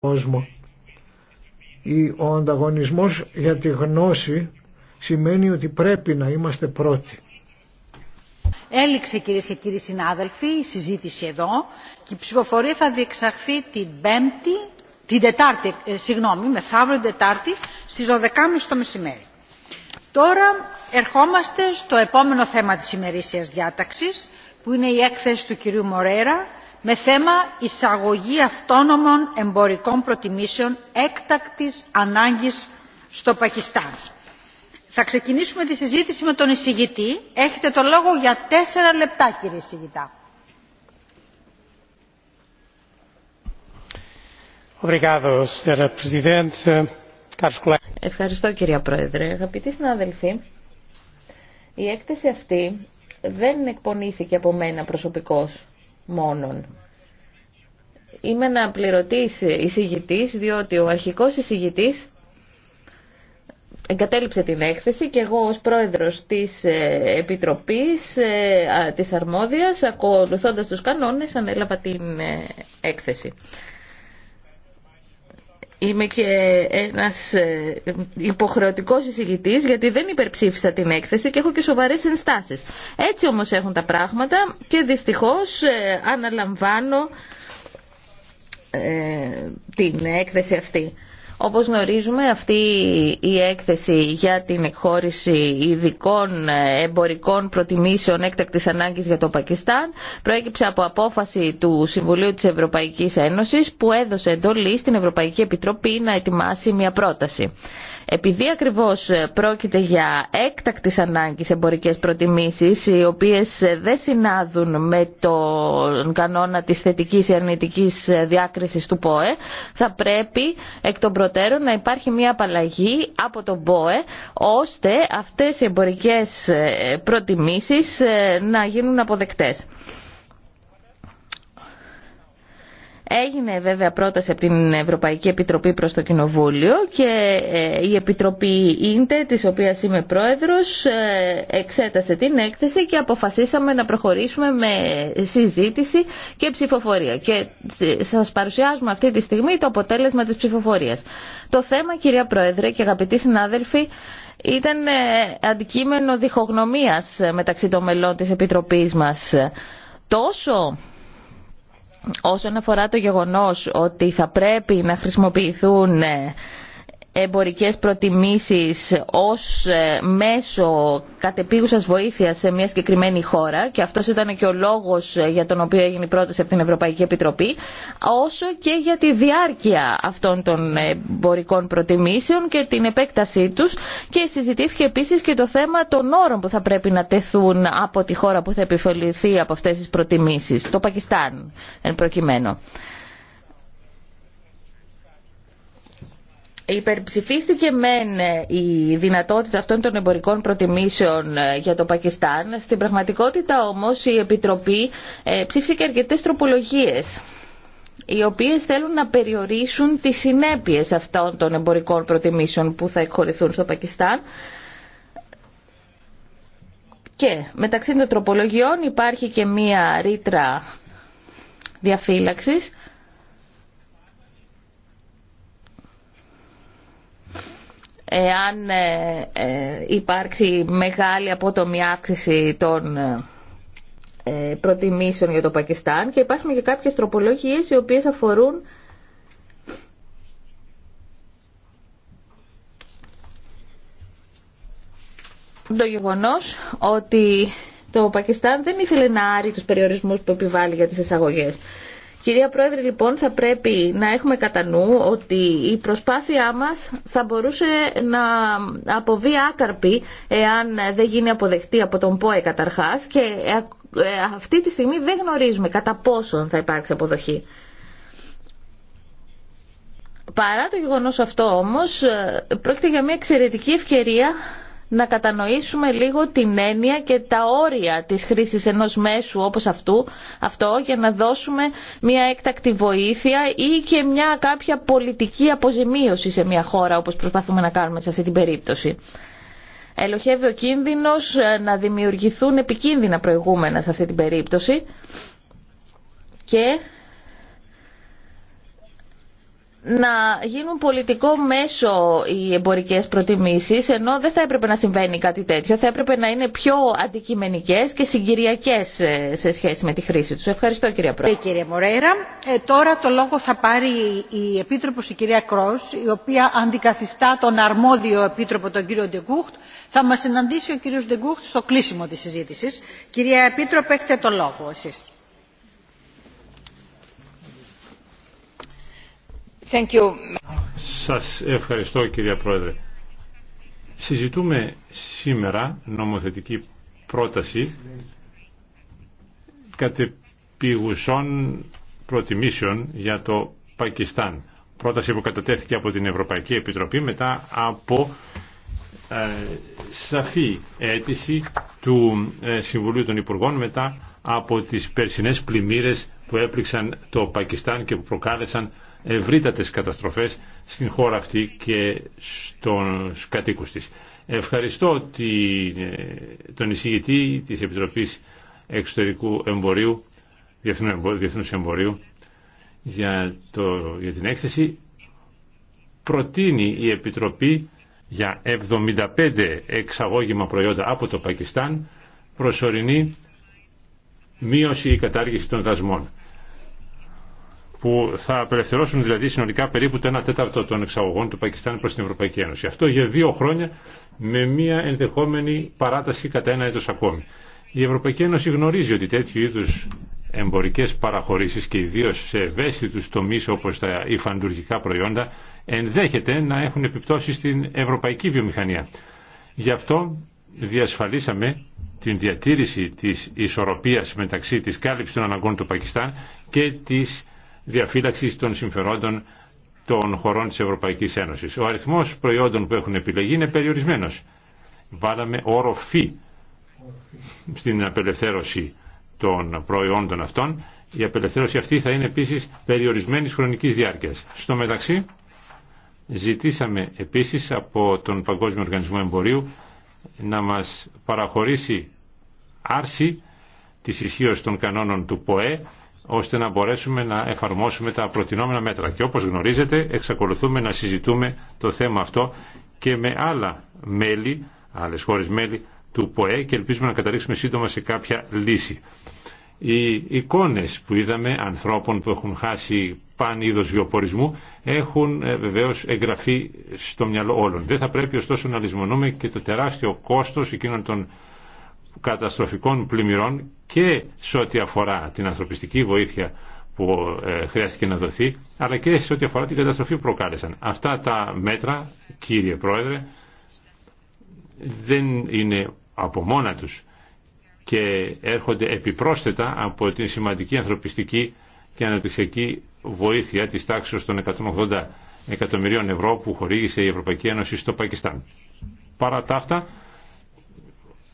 κόσμο. Ο ανταγωνισμός για τη γνώση σημαίνει ότι πρέπει να είμαστε πρώτοι. Έληξε κυρίες και κύριοι συνάδελφοι η συζήτηση εδώ και η ψηφοφορία θα διεξαχθεί την Πέμπτη, την Τετάρτη, ε, συγγνώμη, μεθαύριο Τετάρτη στις 12.30 το μεσημέρι. Τώρα ερχόμαστε στο επόμενο θέμα της ημερήσιας διάταξης που είναι η έκθεση του κυρίου Μορέρα με θέμα εισαγωγή αυτόνομων εμπορικών προτιμήσεων έκτακτης ανάγκης στο Πακιστάν. Θα ξεκινήσουμε τη συζήτηση με τον εισηγητή. Έχετε το λόγο για τέσσερα λεπτά, κύριε εισηγητά. Ευχαριστώ, κυρία Πρόεδρε. Αγαπητοί συνάδελφοι, η έκθεση αυτή δεν εκπονήθηκε από μένα προσωπικώς μόνον. Είμαι ένα πληρωτής εισηγητής, διότι ο αρχικός εισηγητής εγκατέλειψε την έκθεση και εγώ ως πρόεδρος της ε, Επιτροπής ε, της Αρμόδιας, ακολουθώντας τους κανόνες, ανέλαβα την ε, έκθεση. Είμαι και ένας ε, υποχρεωτικός εισηγητής γιατί δεν υπερψήφισα την έκθεση και έχω και σοβαρές ενστάσεις. Έτσι όμως έχουν τα πράγματα και δυστυχώς ε, αναλαμβάνω ε, την έκθεση αυτή. Όπως γνωρίζουμε αυτή η έκθεση για την εκχώρηση ειδικών ε, εμπορικών προτιμήσεων έκτακτης ανάγκης για το Πακιστάν προέκυψε από απόφαση του Συμβουλίου της Ευρωπαϊκής Ένωσης που έδωσε εντολή στην Ευρωπαϊκή Επιτροπή να ετοιμάσει μια πρόταση. Επειδή ακριβώς ε, πρόκειται για έκτακτης ανάγκης εμπορικές προτιμήσεις, οι οποίες ε, δεν συνάδουν με τον κανόνα της θετικής ή αρνητικής ε, διάκρισης του ΠΟΕ, θα πρέπει εκ των προτέρων να υπάρχει μια απαλλαγή από τον ΠΟΕ, ώστε αυτές οι εμπορικές προτιμήσεις να γίνουν αποδεκτές. Έγινε βέβαια πρόταση από την Ευρωπαϊκή Επιτροπή προς το Κοινοβούλιο και ε, η Επιτροπή Ίντε, της οποίας είμαι πρόεδρος, ε, εξέτασε την έκθεση και αποφασίσαμε να προχωρήσουμε με συζήτηση και ψηφοφορία. Και σας παρουσιάζουμε αυτή τη στιγμή το αποτέλεσμα της ψηφοφορίας. Το θέμα, κυρία Πρόεδρε και αγαπητοί συνάδελφοι, ήταν ε, αντικείμενο διχογνωμίας μεταξύ των μελών της Επιτροπής μας. Τόσο Όσον αφορά το γεγονός ότι θα πρέπει να χρησιμοποιηθούν ε, εμπορικές προτιμήσεις ως ε, μέσο κατεπίγουσας βοήθειας σε μια συγκεκριμένη χώρα και αυτός ήταν και ο λόγος ε, για τον οποίο έγινε η πρόταση από την Ευρωπαϊκή Επιτροπή όσο και για τη διάρκεια αυτών των εμπορικών προτιμήσεων και την επέκτασή τους και συζητήθηκε επίσης και το θέμα των όρων που θα πρέπει να τεθούν από τη χώρα που θα επιφεληθεί από αυτές τις προτιμήσεις, το Πακιστάν εν προκειμένου. Υπερψηφίστηκε μεν ε, η δυνατότητα αυτών των εμπορικών προτιμήσεων ε, για το Πακιστάν. Στην πραγματικότητα όμως η Επιτροπή ε, ψήφισε και αρκετές τροπολογίες οι οποίες θέλουν να περιορίσουν τις συνέπειες αυτών των εμπορικών προτιμήσεων που θα εκχωρηθούν στο Πακιστάν. Και μεταξύ των τροπολογιών υπάρχει και μία ρήτρα διαφύλαξης εάν ε, ε, υπάρξει μεγάλη απότομη αύξηση των ε, προτιμήσεων για το Πακιστάν και υπάρχουν και κάποιες τροπολογίες οι οποίες αφορούν το γεγονός ότι το Πακιστάν δεν ήθελε να άρει τους περιορισμούς που επιβάλλει για τις εισαγωγές. Κυρία Πρόεδρε, λοιπόν, θα πρέπει να έχουμε κατά νου ότι η προσπάθειά μας θα μπορούσε να αποβεί άκαρπη εάν δεν γίνει αποδεκτή από τον ΠΟΕ καταρχάς και ε, ε, αυτή τη στιγμή δεν γνωρίζουμε κατά πόσον θα υπάρξει αποδοχή. Παρά το γεγονός αυτό όμως, ε, πρόκειται για μια εξαιρετική ευκαιρία να κατανοήσουμε λίγο την έννοια και τα όρια της χρήσης ενός μέσου όπως αυτού, αυτό για να δώσουμε μια έκτακτη βοήθεια ή και μια κάποια πολιτική αποζημίωση σε μια χώρα όπως προσπαθούμε να κάνουμε σε αυτή την περίπτωση. Ελοχεύει ο κίνδυνος ε, να δημιουργηθούν επικίνδυνα προηγούμενα σε αυτή την περίπτωση και να γίνουν πολιτικό μέσο οι εμπορικές προτιμήσεις, ενώ δεν θα έπρεπε να συμβαίνει κάτι τέτοιο. Θα έπρεπε να είναι πιο αντικειμενικές και συγκυριακές ε, σε σχέση με τη χρήση τους. Ευχαριστώ κυρία Πρόεδρε. Ε, κύριε Μορέρα, ε, τώρα το λόγο θα πάρει η Επίτροπος η κυρία Κρός, η οποία αντικαθιστά τον αρμόδιο Επίτροπο τον κύριο Ντεγκούχτ. Θα μας συναντήσει ο κύριος Ντεγκούχτ στο κλείσιμο της συζήτησης. Κυρία Επίτροπε, έχετε το λόγο εσείς. Thank Σας ευχαριστώ κυρία Πρόεδρε. Συζητούμε σήμερα νομοθετική πρόταση κατεπηγουσών προτιμήσεων για το Πακιστάν. Πρόταση που κατατέθηκε από την Ευρωπαϊκή Επιτροπή μετά από ε, σαφή αίτηση του ε, Συμβουλίου των Υπουργών μετά από τις περσινές πλημμύρες που έπληξαν το Πακιστάν και που προκάλεσαν ευρύτατες καταστροφές στην χώρα αυτή και στον κατοίκους της. Ευχαριστώ τον εισηγητή της Επιτροπής Εξωτερικού Εμπορίου, Διεθνούς Εμπορίου, για, το, για την έκθεση. Προτείνει η Επιτροπή για 75 εξαγώγημα προϊόντα από το Πακιστάν προσωρινή μείωση ή κατάργηση των δασμών που θα απελευθερώσουν δηλαδή συνολικά περίπου το 1 τέταρτο των εξαγωγών του Πακιστάν προς την Ευρωπαϊκή Ένωση. Αυτό για δύο χρόνια με μια ενδεχόμενη παράταση κατά ένα έτος ακόμη. Η Ευρωπαϊκή Ένωση γνωρίζει ότι τέτοιου είδους εμπορικές παραχωρήσεις και ιδίως σε ευαίσθητους τομείς όπως τα υφαντουργικά προϊόντα ενδέχεται να έχουν επιπτώσει στην ευρωπαϊκή βιομηχανία. Γι' αυτό διασφαλίσαμε την διατήρηση της ισορροπίας μεταξύ της κάλυψης των αναγκών του Πακιστάν και της διαφύλαξης των συμφερόντων των χωρών της Ευρωπαϊκής Ένωσης. Ο αριθμός προϊόντων που έχουν επιλεγεί είναι περιορισμένος. Βάλαμε όρο φύ στην απελευθέρωση των προϊόντων αυτών. Η απελευθέρωση αυτή θα είναι επίσης περιορισμένης χρονικής διάρκειας. Στο μεταξύ ζητήσαμε επίσης από τον Παγκόσμιο Οργανισμό Εμπορίου να μας παραχωρήσει άρση της ισχύω των κανόνων του ΠΟΕ ώστε να μπορέσουμε να εφαρμόσουμε τα προτινόμενα μέτρα. Και όπως γνωρίζετε εξακολουθούμε να συζητούμε το θέμα αυτό και με άλλα μέλη, άλλες χώρες μέλη του ΠΟΕ και ελπίζουμε να καταλήξουμε σύντομα σε κάποια λύση. Οι εικόνες που είδαμε ανθρώπων που έχουν χάσει πάνη είδος βιοπορισμού έχουν ε, βεβαίως εγγραφεί στο μυαλό όλων. Δεν θα πρέπει ωστόσο να λησμονούμε και το τεράστιο κόστος εκείνων των καταστροφικών πλημμυρών και σε ό,τι αφορά την ανθρωπιστική βοήθεια που ε, χρειάστηκε να δοθεί, αλλά και σε ό,τι αφορά την καταστροφή που προκάλεσαν. Αυτά τα μέτρα, κύριε Πρόεδρε, δεν είναι από μόνα τους και έρχονται επιπρόσθετα από την σημαντική ανθρωπιστική και αναπτυξιακή βοήθεια της τάξης των 180 εκατομμυρίων ευρώ που χορήγησε η Ευρωπαϊκή Ένωση στο Πακιστάν. Παρά τα αυτά,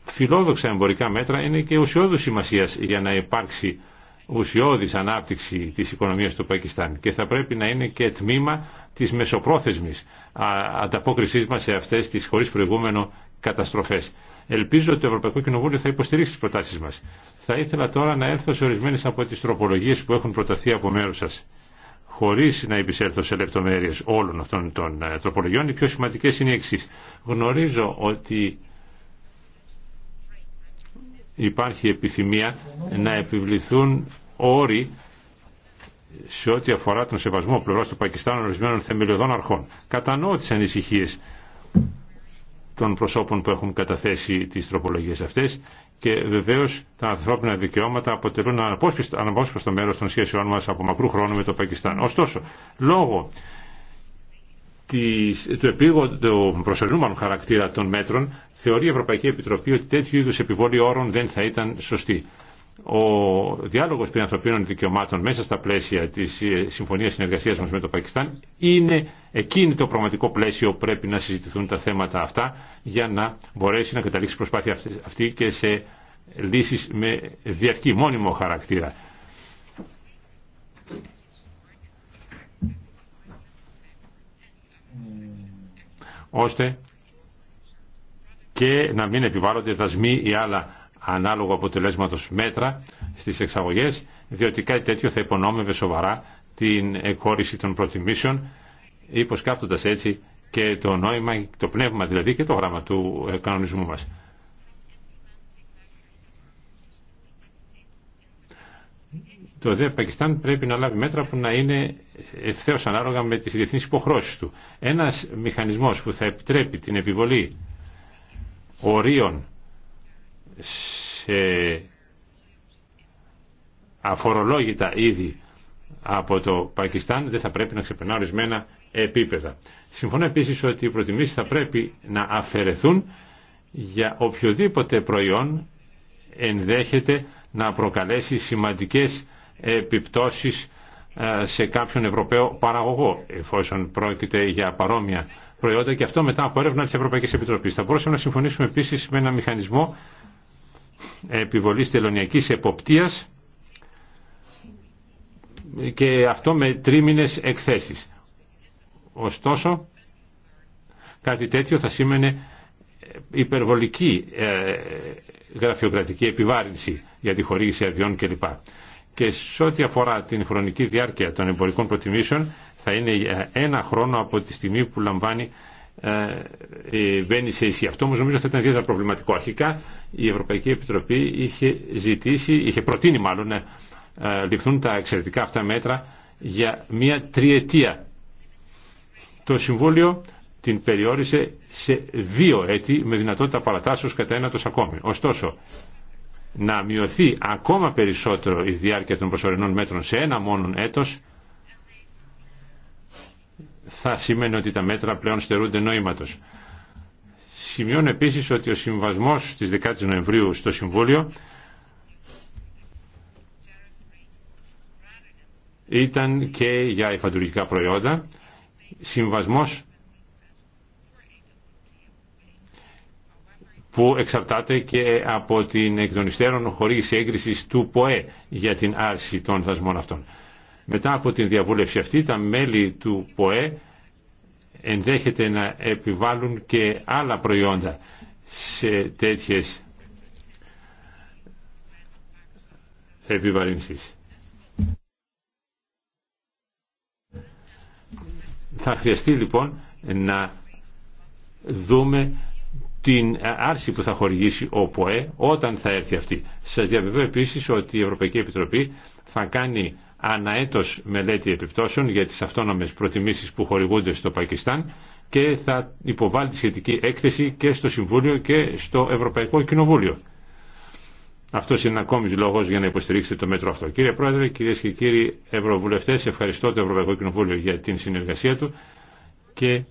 φιλόδοξα εμπορικά μέτρα είναι και ουσιώδους σημασίας για να υπάρξει ουσιώδης ανάπτυξη της οικονομίας του Πακιστάν και θα πρέπει να είναι και τμήμα της μεσοπρόθεσμης ανταπόκρισής μας σε αυτές τις χωρίς προηγούμενο καταστροφές. Ελπίζω ότι το Ευρωπαϊκό Κοινοβούλιο θα υποστηρίξει τις προτάσεις μας. Θα ήθελα τώρα να έρθω σε ορισμένες από τις τροπολογίες που έχουν προταθεί από μέρους σας. Χωρίς να επισέλθω σε λεπτομέρειες όλων αυτών των ε, τροπολογιών, οι πιο σημαντικές είναι οι Γνωρίζω ότι υπάρχει επιθυμία να επιβληθούν όροι σε ό,τι αφορά τον σεβασμό πλευρά του Πακιστάν ορισμένων θεμελιωδών αρχών. Κατανοώ τι ανησυχίε των προσώπων που έχουν καταθέσει τι τροπολογίε αυτέ και βεβαίω τα ανθρώπινα δικαιώματα αποτελούν αναπόσπαστο μέρο των σχέσεών μα από μακρού χρόνου με το Πακιστάν. Ωστόσο, λόγω του επίγοντου προσωρινούμενου χαρακτήρα των μέτρων θεωρεί η Ευρωπαϊκή Επιτροπή ότι τέτοιου είδους επιβολή όρων δεν θα ήταν σωστή. Ο διάλογος περί ανθρωπίνων δικαιωμάτων μέσα στα πλαίσια της ε, συμφωνίας συνεργασίας μας με το Πακιστάν είναι εκείνη το πραγματικό πλαίσιο που πρέπει να συζητηθούν τα θέματα αυτά για να μπορέσει να καταλήξει η προσπάθεια αυτή και σε λύσεις με διαρκή μόνιμο χαρακτήρα. ώστε και να μην επιβάλλονται δασμοί ή άλλα ανάλογα αποτελέσματος μέτρα στις εξαγωγές, διότι κάτι τέτοιο θα υπονόμευε σοβαρά την εκχώρηση των προτιμήσεων, υποσκάπτοντας έτσι και το νόημα, το πνεύμα δηλαδή και το γράμμα του κανονισμού μας. Το ΔΕ Πακιστάν πρέπει να λάβει μέτρα που να είναι ευθέως ανάλογα με τις διεθνείς υποχρώσεις του. Ένας μηχανισμός που θα επιτρέπει την επιβολή ορίων σε αφορολόγητα είδη από το Πακιστάν δεν θα πρέπει να ξεπερνά ορισμένα επίπεδα. Συμφωνώ επίσης ότι οι προτιμήσεις θα πρέπει να αφαιρεθούν για οποιοδήποτε προϊόν ενδέχεται να προκαλέσει σημαντικές επιπτώσεις ε, σε κάποιον Ευρωπαίο παραγωγό, εφόσον πρόκειται για παρόμοια προϊόντα και αυτό μετά από έρευνα της Ευρωπαϊκής Επιτροπής. Θα μπορούσαμε να συμφωνήσουμε επίσης με ένα μηχανισμό επιβολής τελωνιακής εποπτείας και αυτό με τρίμηνες εκθέσεις. Ωστόσο, κάτι τέτοιο θα σήμαινε υπερβολική ε, γραφειοκρατική επιβάρυνση για τη χορήγηση αδειών κλπ και σε ό,τι αφορά την χρονική διάρκεια των εμπορικών προτιμήσεων θα είναι ε, ένα χρόνο από τη στιγμή που λαμβάνει ε, ε, μπαίνει σε ισχύ. Αυτό όμως νομίζω θα ήταν ιδιαίτερα προβληματικό. Αρχικά η Ευρωπαϊκή Επιτροπή είχε ζητήσει, είχε προτείνει μάλλον να ληφθούν τα εξαιρετικά αυτά μέτρα για μια τριετία. Το Συμβούλιο την περιόρισε σε δύο έτη με δυνατότητα παρατάσεως κατά ένατος ακόμη. Ωστόσο, να μειωθεί ακόμα περισσότερο η διάρκεια των προσωρινών μέτρων σε ένα μόνο έτος θα σημαίνει ότι τα μέτρα πλέον στερούνται νόηματος. Σημειώνω επίσης ότι ο συμβασμός της 10 η Νοεμβρίου στο Συμβούλιο ήταν και για υφαντουργικά προϊόντα συμβασμός που εξαρτάται και από την εκ των υστέρων χωρίς έγκριση του ΠΟΕ για την άρση των δασμών αυτών. Μετά από την διαβούλευση αυτή, τα μέλη του ΠΟΕ ενδέχεται να επιβάλλουν και άλλα προϊόντα σε τέτοιες επιβαρύνσεις. Θα χρειαστεί λοιπόν να δούμε την άρση που θα χορηγήσει ο ΠΟΕ όταν θα έρθει αυτή. Σας διαβεβαιώ επίσης ότι η Ευρωπαϊκή Επιτροπή θα κάνει αναέτος μελέτη επιπτώσεων για τις αυτόνομες προτιμήσεις που χορηγούνται στο Πακιστάν και θα υποβάλει τη σχετική έκθεση και στο Συμβούλιο και στο Ευρωπαϊκό Κοινοβούλιο. Αυτό είναι ακόμη λόγο για να υποστηρίξετε το μέτρο αυτό. Κύριε Πρόεδρε, κυρίε και κύριοι Ευρωβουλευτέ, ευχαριστώ το Ευρωπαϊκό Κοινοβούλιο για την συνεργασία του και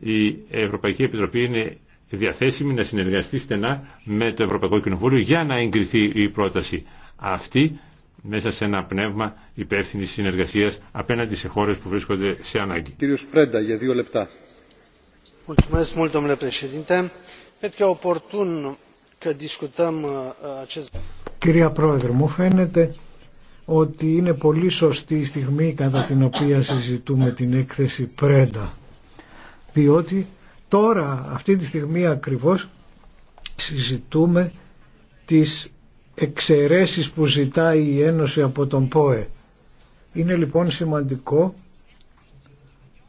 η Ευρωπαϊκή Επιτροπή είναι διαθέσιμη να συνεργαστεί στενά με το Ευρωπαϊκό Κοινοβούλιο για να εγκριθεί η πρόταση αυτή μέσα σε ένα πνεύμα υπεύθυνη συνεργασία απέναντι σε χώρε που βρίσκονται σε ανάγκη. Κύριο για δύο λεπτά. E uh, Κυρία Πρόεδρε, μου φαίνεται ότι είναι πολύ σωστή η στιγμή κατά την οποία συζητούμε την έκθεση Πρέντα. Διότι Τώρα, αυτή τη στιγμή ακριβώς, συζητούμε τις εξαιρέσεις που ζητάει η Ένωση από τον ΠΟΕ. Είναι λοιπόν σημαντικό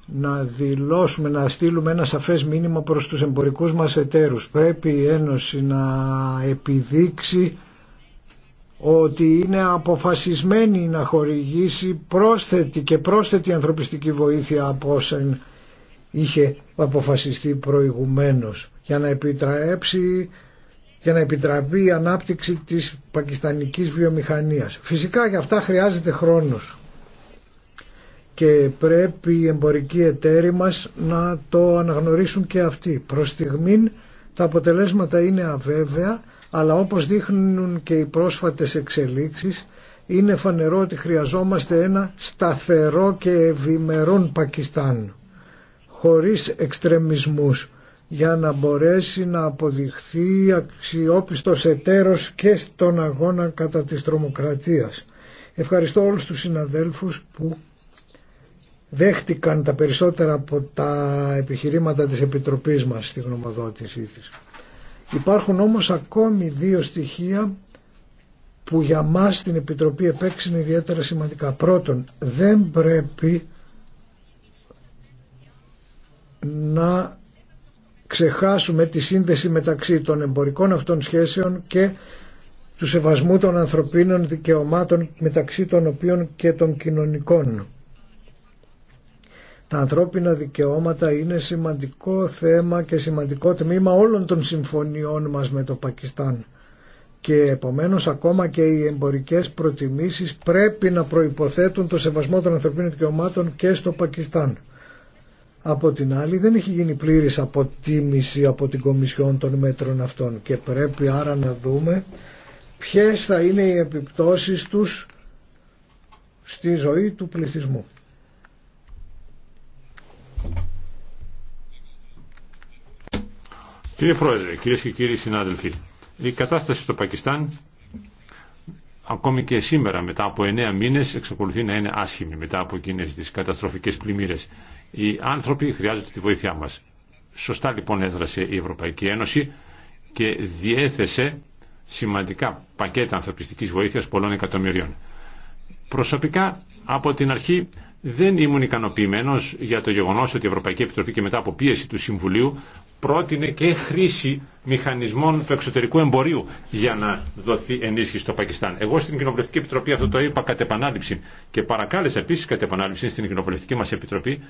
να δηλώσουμε, να στείλουμε ένα σαφές μήνυμα προς τους εμπορικούς μας εταίρους. Πρέπει η Ένωση να επιδείξει ότι είναι αποφασισμένη να χορηγήσει πρόσθετη και πρόσθετη ανθρωπιστική βοήθεια από είναι είχε αποφασιστεί προηγουμένως για να επιτραέψει για να επιτραπεί η ανάπτυξη της πακιστανικής βιομηχανίας. Φυσικά για αυτά χρειάζεται χρόνος και πρέπει οι εμπορικοί εταίροι μας να το αναγνωρίσουν και αυτοί. Προς στιγμήν τα αποτελέσματα είναι αβέβαια, αλλά όπως δείχνουν και οι πρόσφατες εξελίξεις, είναι φανερό ότι χρειαζόμαστε ένα σταθερό και ευημερών Πακιστάν χωρίς εξτρεμισμούς για να μπορέσει να αποδειχθεί αξιόπιστος εταίρος και στον αγώνα κατά της τρομοκρατίας. Ευχαριστώ όλους τους συναδέλφους που δέχτηκαν τα περισσότερα από τα επιχειρήματα της Επιτροπής μας στη γνωμοδότησή της. Υπάρχουν όμως ακόμη δύο στοιχεία που για μας την Επιτροπή επέξουν ιδιαίτερα σημαντικά. Πρώτον, δεν πρέπει να ξεχάσουμε τη σύνδεση μεταξύ των εμπορικών αυτών σχέσεων και του σεβασμού των ανθρωπίνων δικαιωμάτων μεταξύ των οποίων και των κοινωνικών. Τα ανθρώπινα δικαιώματα είναι σημαντικό θέμα και σημαντικό τμήμα όλων των συμφωνιών μας με το Πακιστάν και επομένως ακόμα και οι εμπορικές προτιμήσεις πρέπει να προϋποθέτουν το σεβασμό των ανθρωπίνων δικαιωμάτων και στο Πακιστάν. Από την άλλη δεν έχει γίνει πλήρης αποτίμηση από την Κομισιόν των μέτρων αυτών και πρέπει άρα να δούμε ποιες θα είναι οι επιπτώσεις τους στη ζωή του πληθυσμού. Κύριε Πρόεδρε, κυρίες και κύριοι συνάδελφοι, η κατάσταση στο Πακιστάν ακόμη και σήμερα μετά από εννέα μήνες εξακολουθεί να είναι άσχημη μετά από εκείνες τις καταστροφικές πλημμύρες. Οι άνθρωποι χρειάζονται τη βοήθειά μας. Σωστά λοιπόν έδρασε η Ευρωπαϊκή Ένωση και διέθεσε σημαντικά πακέτα ανθρωπιστικής βοήθειας πολλών εκατομμυρίων. Προσωπικά από την αρχή δεν ήμουν ικανοποιημένο για το γεγονό ότι η Ευρωπαϊκή Επιτροπή και μετά από πίεση του Συμβουλίου πρότεινε και χρήση μηχανισμών του εξωτερικού εμπορίου για να δοθεί ενίσχυση στο Πακιστάν. Εγώ στην Κοινοβουλευτική Επιτροπή αυτό το είπα κατ' επανάληψη και παρακάλεσα επίση κατ' στην Κοινοβουλευτική μα Επιτροπή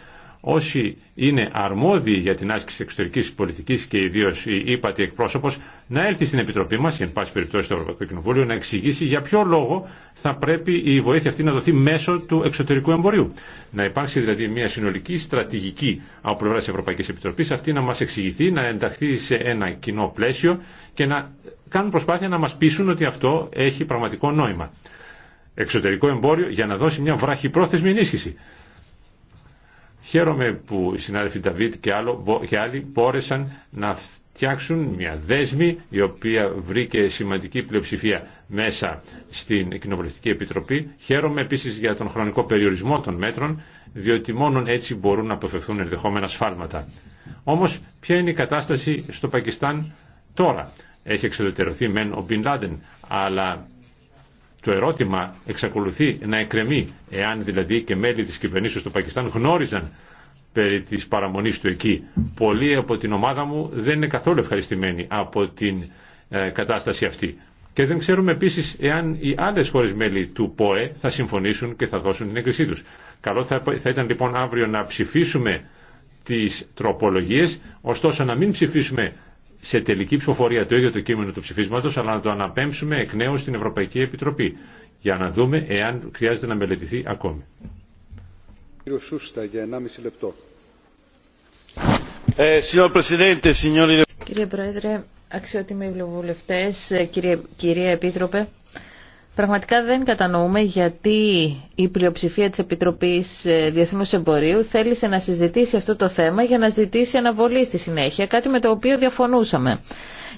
όσοι είναι αρμόδιοι για την άσκηση εξωτερική πολιτική και ιδίω η ύπατη εκπρόσωπο να έρθει στην Επιτροπή μα για εν πάση περιπτώσει, στο Ευρωπαϊκό Κοινοβούλιο να εξηγήσει για ποιο λόγο θα πρέπει η βοήθεια αυτή να δοθεί μέσω του εξωτερικού εμπορίου. Να υπάρξει δηλαδή μια συνολική στρατηγική από πλευρά τη Ευρωπαϊκή Επιτροπή, αυτή να μα εξηγηθεί, να ενταχθεί σε ένα κοινό πλαίσιο και να κάνουν προσπάθεια να μα πείσουν ότι αυτό έχει πραγματικό νόημα. Εξωτερικό εμπόριο για να δώσει μια βραχυπρόθεσμη ενίσχυση. Χαίρομαι που οι συνάδελφοι Νταβίτ και, και άλλοι μπόρεσαν να φτιάξουν μια δέσμη η οποία βρήκε σημαντική πλειοψηφία μέσα στην Κοινοβουλευτική Επιτροπή. Χαίρομαι επίσης για τον χρονικό περιορισμό των μέτρων, διότι μόνο έτσι μπορούν να αποφευθούν ενδεχόμενα σφάλματα. Όμως, ποια είναι η κατάσταση στο Πακιστάν τώρα. Έχει εξοδετερωθεί μεν ο Μπιν Λάντεν, αλλά το ερώτημα εξακολουθεί να εκκρεμεί, εάν δηλαδή και μέλη της κυβερνήσεως του Πακιστάν γνώριζαν περί της παραμονής του εκεί. Πολλοί από την ομάδα μου δεν είναι καθόλου ευχαριστημένοι από την ε, κατάσταση αυτή. Και δεν ξέρουμε επίση εάν οι άλλε χώρε μέλη του ΠΟΕ θα συμφωνήσουν και θα δώσουν την έγκρισή του. Καλό θα, θα ήταν λοιπόν αύριο να ψηφίσουμε τι τροπολογίε, ωστόσο να μην ψηφίσουμε σε τελική ψηφοφορία το ίδιο το κείμενο του ψηφίσματος, αλλά να το αναπέμψουμε εκ νέου στην Ευρωπαϊκή Επιτροπή, για να δούμε εάν χρειάζεται να μελετηθεί ακόμη. Ε, κύριε Πρόεδρε, αξιότιμοι βουλευτές, ε, κύριε, κύριε Επίτροπε, Πραγματικά δεν κατανοούμε γιατί η πλειοψηφία της Επιτροπής ε, Διεθνούς Εμπορίου θέλησε να συζητήσει αυτό το θέμα για να ζητήσει αναβολή στη συνέχεια, κάτι με το οποίο διαφωνούσαμε.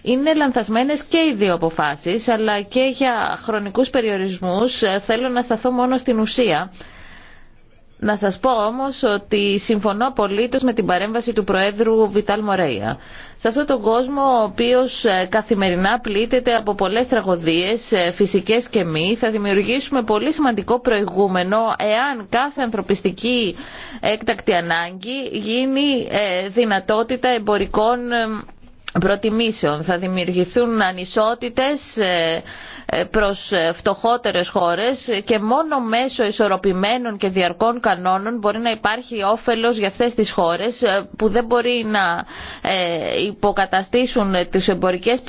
Είναι λανθασμένες και οι δύο αποφάσεις, αλλά και για χρονικούς περιορισμούς ε, θέλω να σταθώ μόνο στην ουσία να σας πω όμως ότι συμφωνώ απολύτως με την παρέμβαση του Προέδρου Βιτάλ Μορέια. Σε αυτόν τον κόσμο ο οποίος ε, καθημερινά πλήττεται από πολλές τραγωδίες, ε, φυσικές και μη, θα δημιουργήσουμε πολύ σημαντικό προηγούμενο εάν κάθε ανθρωπιστική έκτακτη ανάγκη γίνει ε, δυνατότητα εμπορικών προτιμήσεων. Θα δημιουργηθούν ανισότητες ε, προς ε, φτωχότερες χώρες και μόνο μέσω ισορροπημένων και διαρκών κανόνων μπορεί να υπάρχει όφελος για αυτές τις χώρες ε, που δεν μπορεί να υποκαταστήσουν τις εμπορικές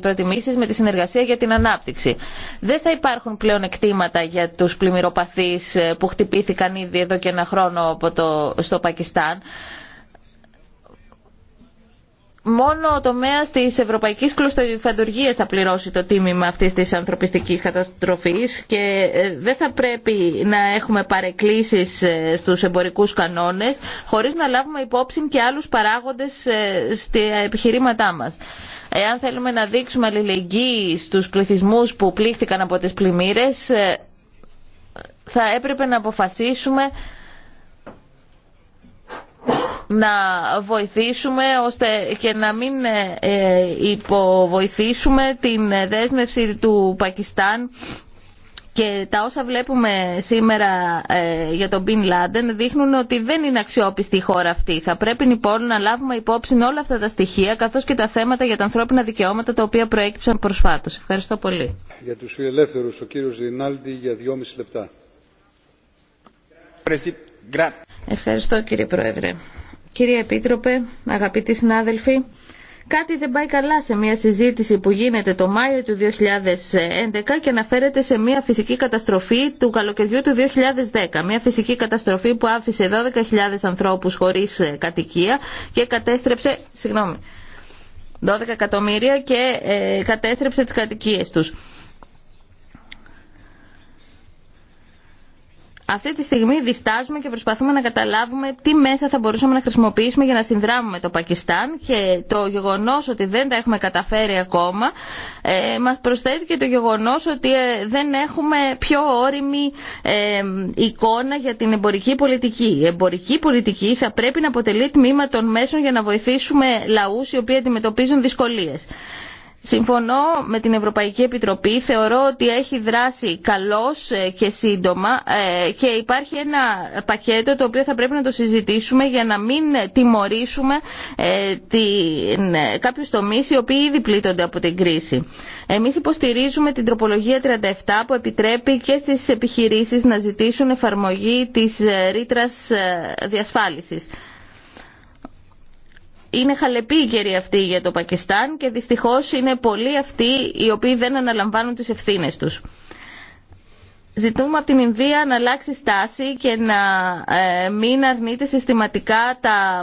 προτιμήσεις με τη συνεργασία για την ανάπτυξη. Δεν θα υπάρχουν πλέον εκτήματα για τους πλημμυροπαθείς που χτυπήθηκαν ήδη εδώ και ένα χρόνο στο Πακιστάν μόνο ο τομέας της ευρωπαϊκής κλωστοϊφαντουργίας θα πληρώσει το τίμημα αυτής της ανθρωπιστικής καταστροφής και ε, δεν θα πρέπει να έχουμε παρεκκλήσεις ε, στους εμπορικούς κανόνες χωρίς να λάβουμε υπόψη και άλλους παράγοντες ε, στα επιχειρήματά μας. Εάν θέλουμε να δείξουμε αλληλεγγύη στους πληθυσμούς που πλήχθηκαν από τις πλημμύρες θα έπρεπε να αποφασίσουμε να βοηθήσουμε ώστε και να μην ε, ε, υποβοηθήσουμε την δέσμευση του Πακιστάν και τα όσα βλέπουμε σήμερα ε, για τον Μπιν Λάντεν δείχνουν ότι δεν είναι αξιόπιστη η χώρα αυτή. Θα πρέπει λοιπόν να λάβουμε υπόψη όλα αυτά τα στοιχεία καθώς και τα θέματα για τα ανθρώπινα δικαιώματα τα οποία προέκυψαν προσφάτως. Ευχαριστώ πολύ. Για τους φιλελεύθερους, ο κύριος Ρινάλντι για δυόμιση λεπτά. Ευχαριστώ κύριε Πρόεδρε. Κυρία Επίτροπε, αγαπητοί συνάδελφοι, κάτι δεν πάει καλά σε μια συζήτηση που γίνεται το Μάιο του 2011 και αναφέρεται σε μια φυσική καταστροφή του καλοκαιριού του 2010. Μια φυσική καταστροφή που άφησε 12.000 ανθρώπους χωρίς ε, κατοικία και κατέστρεψε, συγγνώμη, 12 εκατομμύρια και ε, κατέστρεψε τις κατοικίες τους. Αυτή τη στιγμή διστάζουμε και προσπαθούμε να καταλάβουμε τι μέσα θα μπορούσαμε να χρησιμοποιήσουμε για να συνδράμουμε το Πακιστάν και το γεγονός ότι δεν τα έχουμε καταφέρει ακόμα ε, μας προσθέτει και το γεγονός ότι ε, δεν έχουμε πιο όρημη ε, εικόνα για την εμπορική πολιτική. Η εμπορική πολιτική θα πρέπει να αποτελεί τμήμα των μέσων για να βοηθήσουμε λαούς οι οποίοι αντιμετωπίζουν δυσκολίες. Συμφωνώ με την Ευρωπαϊκή Επιτροπή. Θεωρώ ότι έχει δράσει καλώς ε, και σύντομα ε, και υπάρχει ένα πακέτο το οποίο θα πρέπει να το συζητήσουμε για να μην τιμωρήσουμε ε, κάποιους τομείς οι οποίοι ήδη πλήττονται από την κρίση. Εμείς υποστηρίζουμε την τροπολογία 37 που επιτρέπει και στις επιχειρήσεις να ζητήσουν εφαρμογή της ρήτρας διασφάλισης είναι χαλεπή η καιρή αυτή για το Πακιστάν και δυστυχώς είναι πολλοί αυτοί οι οποίοι δεν αναλαμβάνουν τις ευθύνες τους. Ζητούμε από την Ινδία να αλλάξει στάση και να ε, μην αρνείται συστηματικά τα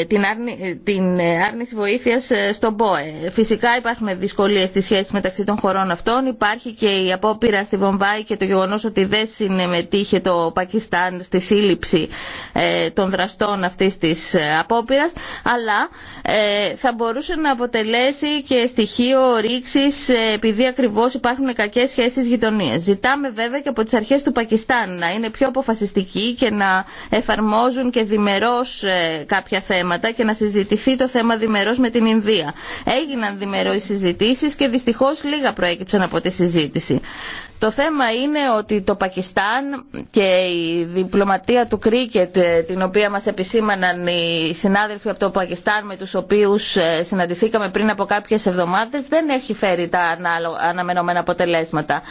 ε, την, ε, την ε, άρνηση βοήθειας στον ΠΟΕ. Φυσικά υπάρχουν δυσκολίες στη σχέση μεταξύ των χωρών αυτών. Υπάρχει και η απόπειρα στη Βομβάη και το γεγονός ότι δεν συμμετείχε το Πακιστάν στη σύλληψη των δραστών αυτής της απόπειρας. Αλλά θα μπορούσε να αποτελέσει και στοιχείο ρήξης επειδή ακριβώς υπάρχουν κακές σχέσεις γειτονίας. Ζητάμε βέβαια και από τις αρχές του Πακιστάν να είναι πιο αποφασιστικοί και να εφαρμόζουν και διμερώς κάποια θέματα θέματα και να συζητηθεί το θέμα διμερώς με την Ινδία. Έγιναν διμερώς οι συζητήσεις και δυστυχώς λίγα προέκυψαν από τη συζήτηση. Το θέμα είναι ότι το Πακιστάν και η διπλωματία του κρίκετ ε, την οποία μας επισήμαναν οι συνάδελφοι από το Πακιστάν με τους οποίους ε, συναντηθήκαμε πριν από κάποιες εβδομάδες δεν έχει φέρει τα αναμενόμενα αποτελέσματα.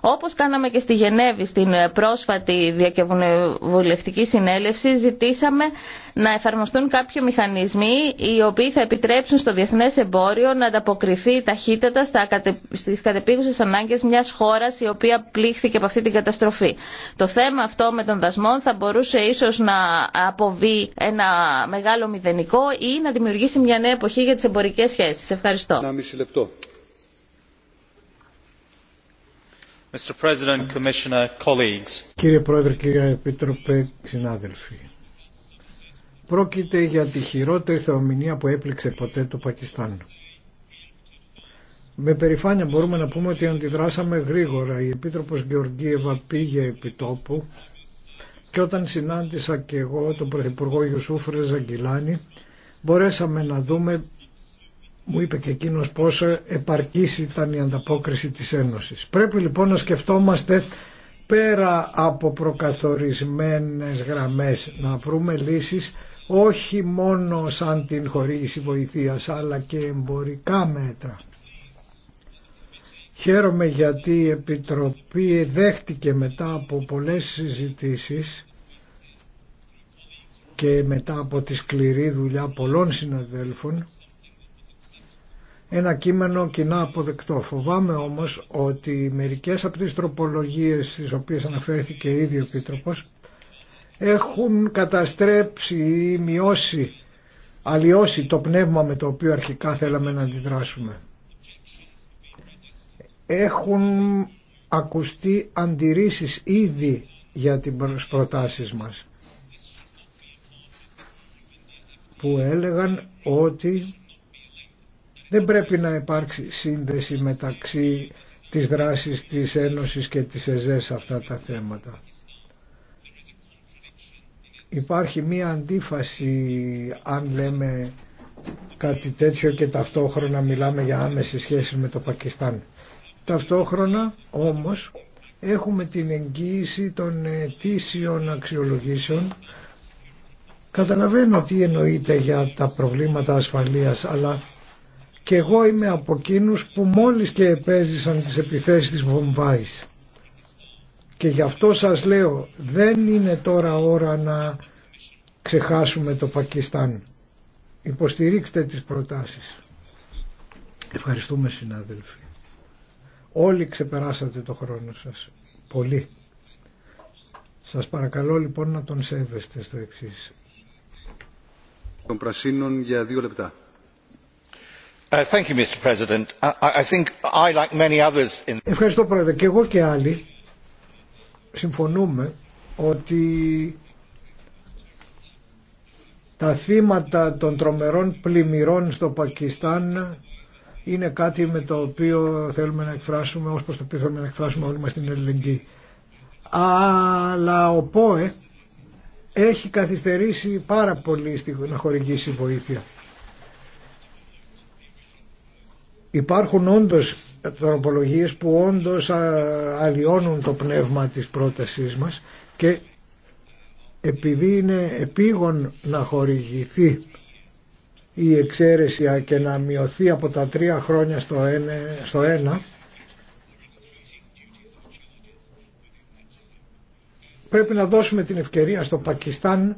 Όπως κάναμε και στη Γενέβη στην πρόσφατη διακευβουλευτική συνέλευση, ζητήσαμε να εφαρμοστούν κάποιοι μηχανισμοί οι οποίοι θα επιτρέψουν στο διεθνές εμπόριο να ανταποκριθεί ταχύτατα στις κατεπίγουσες ανάγκες μιας χώρας η οποία πλήχθηκε από αυτή την καταστροφή. Το θέμα αυτό με τον δασμό θα μπορούσε ίσως να αποβεί ένα μεγάλο μηδενικό ή να δημιουργήσει μια νέα εποχή για τις εμπορικές σχέσεις. Ευχαριστώ. Mr. President, Commissioner, colleagues. Κύριε Πρόεδρε, κύριε Επίτροπε, συνάδελφοι. Πρόκειται για τη χειρότερη θεομηνία που έπληξε ποτέ το Πακιστάν. Με περηφάνεια μπορούμε να πούμε ότι αντιδράσαμε γρήγορα. Η Επίτροπος Γεωργίευα πήγε επί τόπου και όταν συνάντησα και εγώ τον Πρωθυπουργό Ιουσούφ Ρεζαγκυλάνη μπορέσαμε να δούμε μου είπε και εκείνο πόσο επαρκής ήταν η ανταπόκριση της Ένωσης. Πρέπει λοιπόν να σκεφτόμαστε πέρα από προκαθορισμένες γραμμές να βρούμε λύσεις όχι μόνο σαν την χορήγηση βοηθείας αλλά και εμπορικά μέτρα. Χαίρομαι γιατί η Επιτροπή δέχτηκε μετά από πολλές συζητήσεις και μετά από τη σκληρή δουλειά πολλών συναδέλφων ένα κείμενο κοινά αποδεκτό. Φοβάμαι όμως ότι μερικές από τις τροπολογίες στις οποίες αναφέρθηκε ήδη ο Επίτροπος έχουν καταστρέψει ή μειώσει, αλλοιώσει το πνεύμα με το οποίο αρχικά θέλαμε να αντιδράσουμε. Έχουν ακουστεί αντιρρήσεις ήδη για τις προτάσεις μας που έλεγαν ότι δεν πρέπει να υπάρξει σύνδεση μεταξύ της δράσης της Ένωσης και της ΕΖΕ σε αυτά τα θέματα. Υπάρχει μία αντίφαση αν λέμε κάτι τέτοιο και ταυτόχρονα μιλάμε για άμεση σχέση με το Πακιστάν. Ταυτόχρονα όμως έχουμε την εγγύηση των αιτήσιων αξιολογήσεων. Καταλαβαίνω τι εννοείται για τα προβλήματα ασφαλείας, αλλά και εγώ είμαι από εκείνους που μόλις και επέζησαν τις επιθέσεις της Βομβάης. Και γι' αυτό σας λέω, δεν είναι τώρα ώρα να ξεχάσουμε το Πακιστάν. Υποστηρίξτε τις προτάσεις. Ευχαριστούμε συνάδελφοι. Όλοι ξεπεράσατε το χρόνο σας. Πολύ. Σας παρακαλώ λοιπόν να τον σέβεστε στο εξής. Των πρασίνων για δύο λεπτά. Ευχαριστώ πρόεδρε. Και εγώ και άλλοι συμφωνούμε ότι τα θύματα των τρομερών πλημμυρών στο Πακιστάν είναι κάτι με το οποίο θέλουμε να εκφράσουμε, ως προς το οποίο θέλουμε να εκφράσουμε όλοι μας την ελληνική. Αλλά ο ΠΟΕ έχει καθυστερήσει πάρα πολύ να χορηγήσει βοήθεια. Υπάρχουν όντως τροπολογίες που όντως αλλοιώνουν το πνεύμα της πρότασής μας και επειδή είναι επίγον να χορηγηθεί η εξαίρεση και να μειωθεί από τα τρία χρόνια στο ένα, στο ένα πρέπει να δώσουμε την ευκαιρία στο Πακιστάν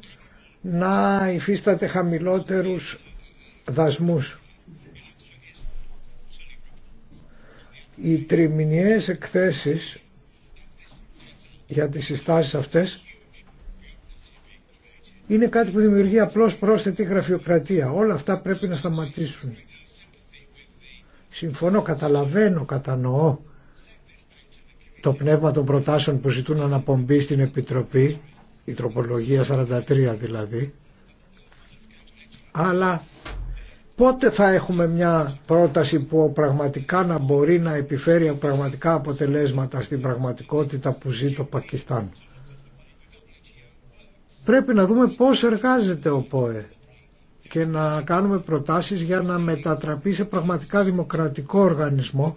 να υφίσταται χαμηλότερους δασμούς. Οι τριμηνιαίες εκθέσεις για τις συστάσεις αυτές είναι κάτι που δημιουργεί απλώς πρόσθετη γραφειοκρατία. Όλα αυτά πρέπει να σταματήσουν. Συμφωνώ, καταλαβαίνω, κατανοώ το πνεύμα των προτάσεων που ζητούν αναπομπή στην Επιτροπή, η τροπολογία 43 δηλαδή, αλλά πότε θα έχουμε μια πρόταση που πραγματικά να μπορεί να επιφέρει πραγματικά αποτελέσματα στην πραγματικότητα που ζει το Πακιστάν. Πρέπει να δούμε πώς εργάζεται ο ΠΟΕ και να κάνουμε προτάσεις για να μετατραπεί σε πραγματικά δημοκρατικό οργανισμό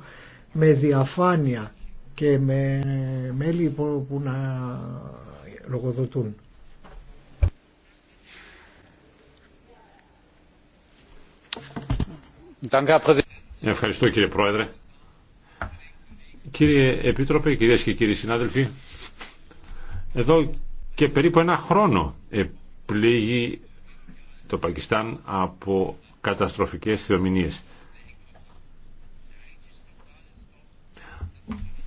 με διαφάνεια και με μέλη που να λογοδοτούν. Ευχαριστώ κύριε Πρόεδρε. Κύριε Επίτροπε, κυρίες και κύριοι συνάδελφοι, εδώ και περίπου ένα χρόνο πλήγει το Πακιστάν από καταστροφικές θεομηνίες.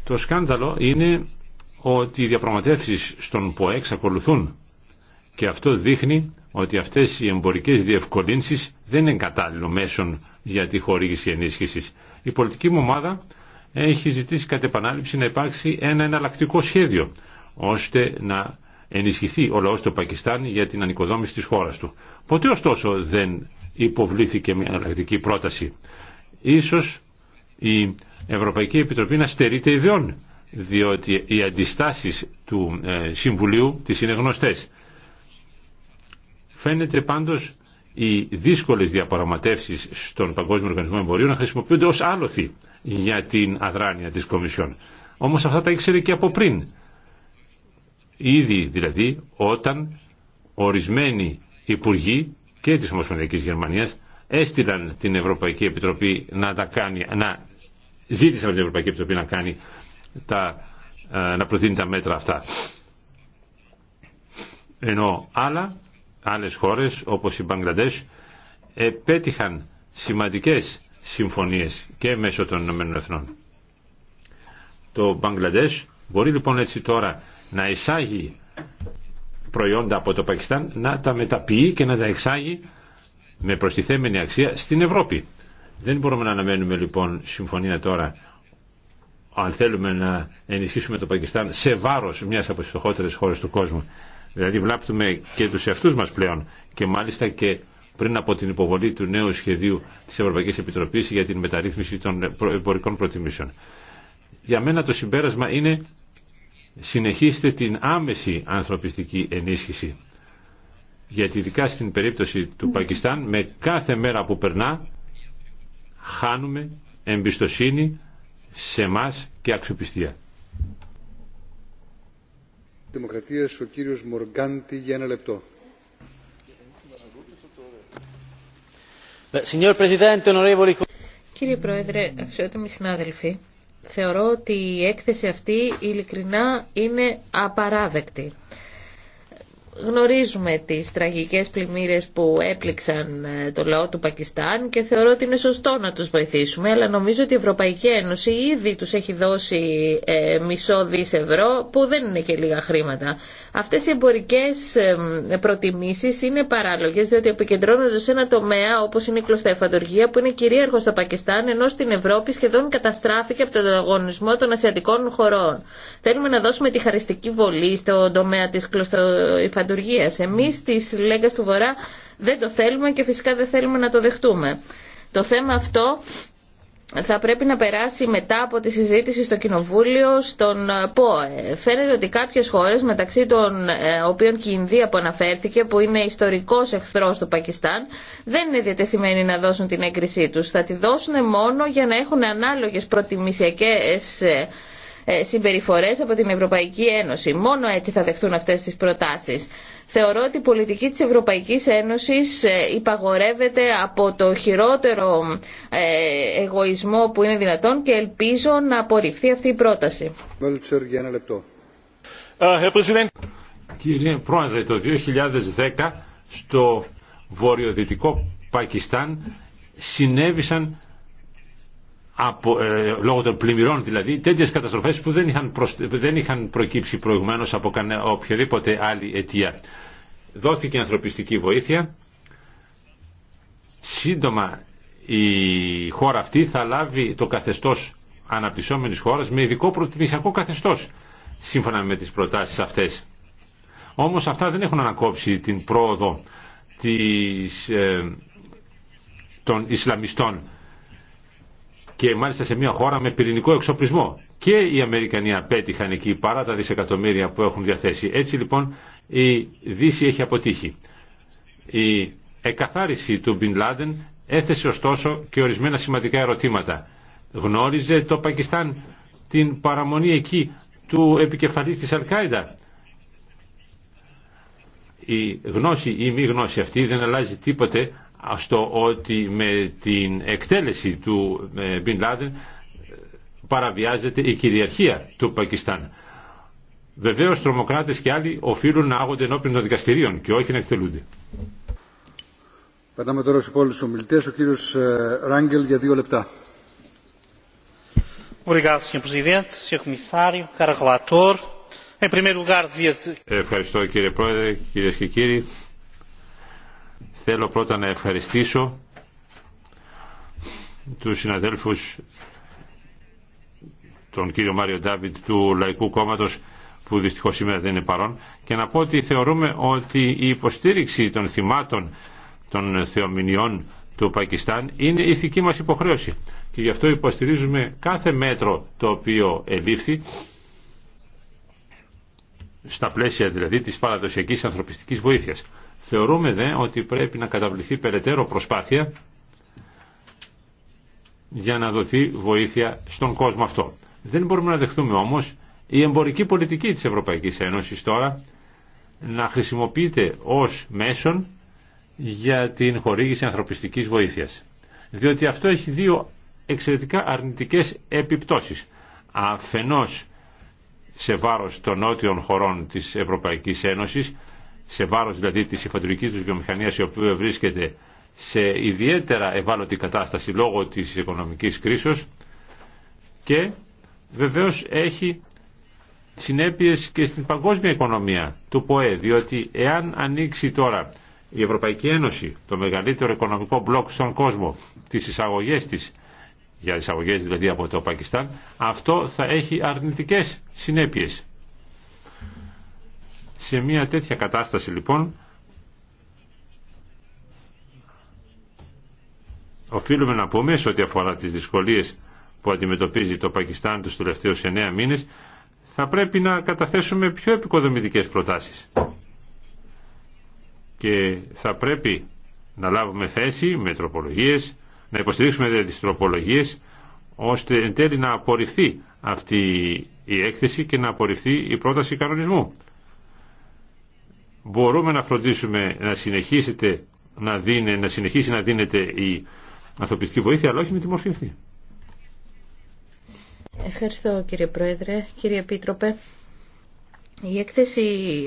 Το σκάνδαλο είναι ότι οι διαπραγματεύσεις στον ΠΟΕ ακολουθούν και αυτό δείχνει ότι αυτές οι εμπορικές διευκολύνσεις δεν είναι κατάλληλο μέσον για τη χορήγηση ενίσχυσης. Η πολιτική μου ομάδα έχει ζητήσει κατ' επανάληψη να υπάρξει ένα εναλλακτικό σχέδιο ώστε να ενισχυθεί ο λαός του Πακιστάν για την ανοικοδόμηση της χώρας του. Ποτέ ωστόσο δεν υποβλήθηκε μια εναλλακτική πρόταση. Ίσως η Ευρωπαϊκή Επιτροπή να στερείται ιδεών διότι οι αντιστάσεις του ε, Συμβουλίου τις είναι γνωστές. Φαίνεται πάντως οι δύσκολες διαπραγματεύσεις στον Παγκόσμιο Οργανισμό Εμπορίου να χρησιμοποιούνται ως άλοθη για την αδράνεια της Κομισιόν. Όμως αυτά τα ήξερε και από πριν. Ήδη δηλαδή όταν ορισμένοι υπουργοί και της Ομοσπονδιακής Γερμανίας έστειλαν την Ευρωπαϊκή Επιτροπή να τα κάνει, να ζήτησαν την Ευρωπαϊκή Επιτροπή να κάνει τα, ε, να προτείνει τα μέτρα αυτά. Ενώ άλλα Άλλες χώρες όπως η Μπαγκλαντές επέτυχαν σημαντικές συμφωνίες και μέσω των Ηνωμένων Εθνών. Το Μπαγκλαντές μπορεί λοιπόν έτσι τώρα να εισάγει προϊόντα από το Πακιστάν να τα μεταποιεί και να τα εξάγει με προστιθέμενη αξία στην Ευρώπη. Δεν μπορούμε να αναμένουμε λοιπόν συμφωνία τώρα αν θέλουμε να ενισχύσουμε το Πακιστάν σε βάρος μιας από τις φτωχότερες χώρες του κόσμου. Δηλαδή βλάπτουμε και τους εαυτούς μας πλέον και μάλιστα και πριν από την υποβολή του νέου σχεδίου της Ευρωπαϊκής Επιτροπής για την μεταρρύθμιση των εμπορικών προτιμήσεων. Για μένα το συμπέρασμα είναι συνεχίστε την άμεση ανθρωπιστική ενίσχυση. Γιατί ειδικά στην περίπτωση του Πακιστάν με κάθε μέρα που περνά χάνουμε εμπιστοσύνη σε μας και αξιοπιστία. Δημοκρατίας ο κύριος Μοργκάντη για ένα λεπτό. Κύριε Πρόεδρε, αξιότιμοι συνάδελφοι, θεωρώ ότι η έκθεση αυτή ειλικρινά είναι απαράδεκτη γνωρίζουμε τις τραγικές πλημμύρες που έπληξαν ε, το λαό του Πακιστάν και θεωρώ ότι είναι σωστό να τους βοηθήσουμε, αλλά νομίζω ότι η Ευρωπαϊκή Ένωση ήδη τους έχει δώσει ε, μισό δις ευρώ, που δεν είναι και λίγα χρήματα. Αυτές οι εμπορικές προτιμήσεις είναι παράλογες, διότι επικεντρώνονται σε ένα τομέα όπως είναι η κλωσταϊφαντοργία που είναι κυρίαρχο στο Πακιστάν, ενώ στην Ευρώπη σχεδόν καταστράφηκε από τον αγωνισμό των ασιατικών χωρών. Θέλουμε να δώσουμε τη χαριστική βολή στον τομέα της κλωσταεφαντοργίας Εμεί, Εμείς τις Λέγκα του Βορρά δεν το θέλουμε και φυσικά δεν θέλουμε να το δεχτούμε. Το θέμα αυτό θα πρέπει να περάσει μετά από τη συζήτηση στο Κοινοβούλιο στον ΠΟΕ. Φαίνεται ότι κάποιες χώρες, μεταξύ των ε, οποίων και η Ινδία που αναφέρθηκε, που είναι ιστορικός εχθρός του Πακιστάν, δεν είναι διατεθειμένοι να δώσουν την έγκρισή τους. Θα τη δώσουν μόνο για να έχουν ανάλογες προτιμησιακές ε, ε, συμπεριφορές από την Ευρωπαϊκή Ένωση. Μόνο έτσι θα δεχτούν αυτές τις προτάσεις. Θεωρώ ότι η πολιτική της Ευρωπαϊκής Ένωσης ε, υπαγορεύεται από το χειρότερο ε, εγωισμό που είναι δυνατόν και ελπίζω να απορριφθεί αυτή η πρόταση. Κύριε Πρόεδρε, το 2010 στο βορειοδυτικό Πακιστάν συνέβησαν από, ε, λόγω των πλημμυρών δηλαδή, τέτοιες καταστροφές που δεν είχαν, δεν προκύψει προηγουμένως από κανέ... οποιαδήποτε άλλη αιτία. Δόθηκε ανθρωπιστική βοήθεια. Σύντομα η χώρα αυτή θα λάβει το καθεστώς αναπτυσσόμενης χώρας με ειδικό προτιμησιακό καθεστώς σύμφωνα με τις προτάσεις αυτές. Όμως αυτά δεν έχουν ανακόψει την πρόοδο της, ε, των Ισλαμιστών και μάλιστα σε μια χώρα με πυρηνικό εξοπλισμό. Και οι Αμερικανοί απέτυχαν εκεί παρά τα δισεκατομμύρια που έχουν διαθέσει. Έτσι λοιπόν η Δύση έχει αποτύχει. Η εκαθάριση του Μπιν Λάντεν έθεσε ωστόσο και ορισμένα σημαντικά ερωτήματα. Γνώριζε το Πακιστάν την παραμονή εκεί του επικεφαλής της Αλκάιντα. Η γνώση ή η μη γνώση αυτή δεν αλλάζει τίποτε στο ότι με την εκτέλεση του Μπιν ε, Λάδεν παραβιάζεται η κυριαρχία του Πακιστάν. Βεβαίω, τρομοκράτε και άλλοι οφείλουν να άγονται ενώπιον των δικαστηρίων και όχι να εκτελούνται. Περνάμε τώρα στου Ο κύριο ε, Ράγκελ για δύο λεπτά. Ευχαριστώ κύριε Πρόεδρε, κυρίε και κύριοι. Θέλω πρώτα να ευχαριστήσω τους συναδέλφους τον κύριο Μάριο Ντάβιτ του Λαϊκού Κόμματος που δυστυχώς σήμερα δεν είναι παρόν και να πω ότι θεωρούμε ότι η υποστήριξη των θυμάτων των θεομηνιών του Πακιστάν είναι ηθική μας υποχρέωση και γι' αυτό υποστηρίζουμε κάθε μέτρο το οποίο ελήφθη στα πλαίσια δηλαδή της παραδοσιακής ανθρωπιστικής βοήθειας. Θεωρούμε δε ότι πρέπει να καταβληθεί περαιτέρω προσπάθεια για να δοθεί βοήθεια στον κόσμο αυτό. Δεν μπορούμε να δεχτούμε όμως η εμπορική πολιτική της Ευρωπαϊκής Ένωσης τώρα να χρησιμοποιείται ως μέσον για την χορήγηση ανθρωπιστικής βοήθειας. Διότι αυτό έχει δύο εξαιρετικά αρνητικές επιπτώσεις. Αφενός σε βάρος των νότιων χωρών της Ευρωπαϊκής Ένωσης σε βάρος δηλαδή της υφαντουργικής του βιομηχανίας η οποία βρίσκεται σε ιδιαίτερα ευάλωτη κατάσταση λόγω της οικονομικής κρίσης και βεβαίως έχει συνέπειες και στην παγκόσμια οικονομία του ΠΟΕ διότι εάν ανοίξει τώρα η Ευρωπαϊκή Ένωση το μεγαλύτερο οικονομικό μπλοκ στον κόσμο τις εισαγωγές της για εισαγωγές δηλαδή από το Πακιστάν αυτό θα έχει αρνητικές συνέπειες σε μια τέτοια κατάσταση λοιπόν οφείλουμε να πούμε σε ό,τι αφορά τις δυσκολίες που αντιμετωπίζει το Πακιστάν τους τελευταίους 9 μήνες θα πρέπει να καταθέσουμε πιο επικοδομητικές προτάσεις και θα πρέπει να λάβουμε θέση με τροπολογίες να υποστηρίξουμε δηλαδή τις τροπολογίες ώστε εν τέλει να απορριφθεί αυτή η έκθεση και να απορριφθεί η πρόταση κανονισμού μπορούμε να φροντίσουμε να συνεχίσετε να, δίνε, να συνεχίσει να δίνεται η ανθρωπιστική βοήθεια, αλλά όχι με τη μορφή αυτή. Ευχαριστώ κύριε Πρόεδρε, κύριε Επίτροπε. Η έκθεση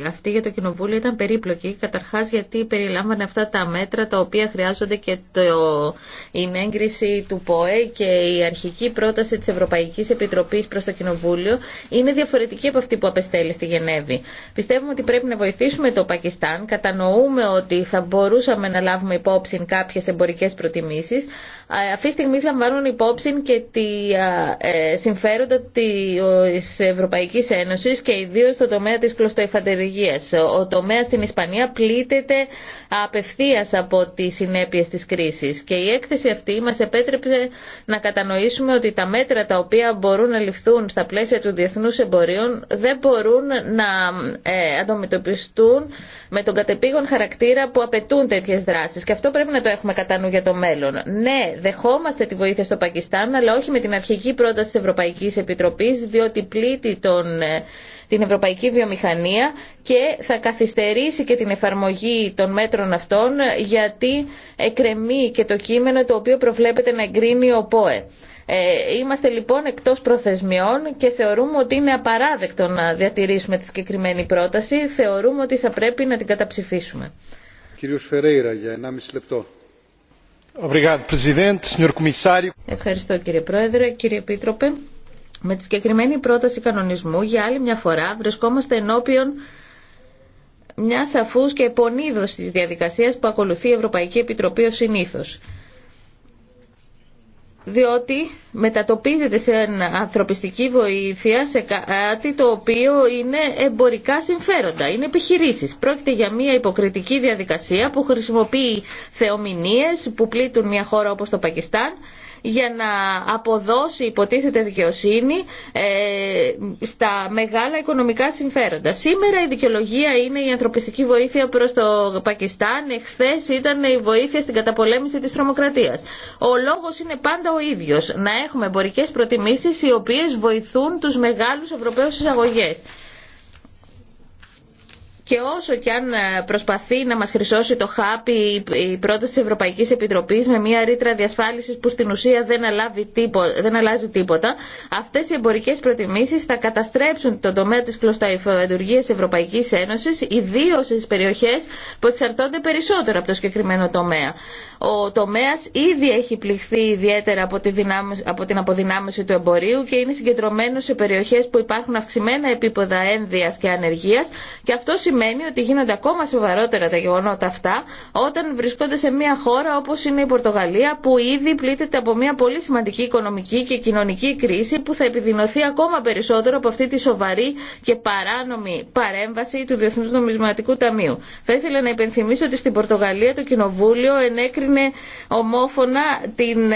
αυτή για το Κοινοβούλιο ήταν περίπλοκη, καταρχάς γιατί περιλάμβανε αυτά τα μέτρα τα οποία χρειάζονται και το, η έγκριση του ΠΟΕ και η αρχική πρόταση της Ευρωπαϊκής Επιτροπής προς το Κοινοβούλιο είναι διαφορετική από αυτή που απεστέλει στη Γενέβη. Πιστεύουμε ότι πρέπει να βοηθήσουμε το Πακιστάν, κατανοούμε ότι θα μπορούσαμε να λάβουμε υπόψη κάποιες εμπορικές προτιμήσεις. Ε, αυτή τη στιγμή λαμβάνουν υπόψη και τη ε, συμφέροντα της Ευρωπαϊκής Ένωσης και ιδίως το τομέα της κλωστοϊφαντεργίας. Ο τομέας στην Ισπανία πλήττεται απευθείας από τις συνέπειες της κρίσης και η έκθεση αυτή μας επέτρεψε να κατανοήσουμε ότι τα μέτρα τα οποία μπορούν να ληφθούν στα πλαίσια του διεθνούς εμπορίων δεν μπορούν να ε, αντιμετωπιστούν με τον κατεπήγον χαρακτήρα που απαιτούν τέτοιε δράσει. Και αυτό πρέπει να το έχουμε κατά νου για το μέλλον. Ναι, δεχόμαστε τη βοήθεια στο Πακιστάν, αλλά όχι με την αρχική πρόταση τη Ευρωπαϊκή Επιτροπή, διότι πλήττει τον ε, την ευρωπαϊκή βιομηχανία και θα καθυστερήσει και την εφαρμογή των μέτρων αυτών γιατί εκρεμεί και το κείμενο το οποίο προβλέπεται να εγκρίνει ο ΠΟΕ. Ε, είμαστε λοιπόν εκτός προθεσμιών και θεωρούμε ότι είναι απαράδεκτο να διατηρήσουμε τη συγκεκριμένη πρόταση. Θεωρούμε ότι θα πρέπει να την καταψηφίσουμε. Κύριος για 1,5 λεπτό. Ευχαριστώ κύριε Πρόεδρε, κύριε Επίτροπε. Με τη συγκεκριμένη πρόταση κανονισμού για άλλη μια φορά βρισκόμαστε ενώπιον μια σαφού και επωνίδωση τη διαδικασία που ακολουθεί η Ευρωπαϊκή Επιτροπή ω συνήθω. Διότι μετατοπίζεται σε ανθρωπιστική βοήθεια σε κάτι το οποίο είναι εμπορικά συμφέροντα, είναι επιχειρήσεις. Πρόκειται για μια υποκριτική διαδικασία που χρησιμοποιεί θεομηνίες που πλήττουν μια χώρα όπως το Πακιστάν για να αποδώσει υποτίθεται δικαιοσύνη ε, στα μεγάλα οικονομικά συμφέροντα. Σήμερα η δικαιολογία είναι η ανθρωπιστική βοήθεια προς το Πακιστάν. Εχθές ήταν η βοήθεια στην καταπολέμηση της τρομοκρατίας. Ο λόγος είναι πάντα ο ίδιος. Να έχουμε εμπορικές προτιμήσεις οι οποίες βοηθούν τους μεγάλους ευρωπαίους εισαγωγές. Και όσο και αν ε, προσπαθεί να μας χρυσώσει το χάπι η πρόταση της Ευρωπαϊκής Επιτροπής με μια ρήτρα διασφάλισης που στην ουσία δεν, δεν αλλάζει τίποτα, αυτές οι εμπορικές προτιμήσεις θα καταστρέψουν τον τομέα της κλωσταϊφαντουργίας Ευρωπαϊκής Ένωσης, ιδίως στις περιοχές που εξαρτώνται περισσότερο από το συγκεκριμένο τομέα ο τομέας ήδη έχει πληχθεί ιδιαίτερα από την αποδυνάμωση του εμπορίου και είναι συγκεντρωμένο σε περιοχές που υπάρχουν αυξημένα επίπεδα ένδυας και ανεργίας και αυτό σημαίνει ότι γίνονται ακόμα σοβαρότερα τα γεγονότα αυτά όταν βρισκόνται σε μια χώρα όπως είναι η Πορτογαλία που ήδη πλήττεται από μια πολύ σημαντική οικονομική και κοινωνική κρίση που θα επιδεινωθεί ακόμα περισσότερο από αυτή τη σοβαρή και παράνομη παρέμβαση του Διεθνούς Νομισματικού Ταμείου. Θα ήθελα να υπενθυμίσω ότι στην Πορτογαλία το Κοινοβούλιο ενέκρινε είναι ομόφωνα την ε,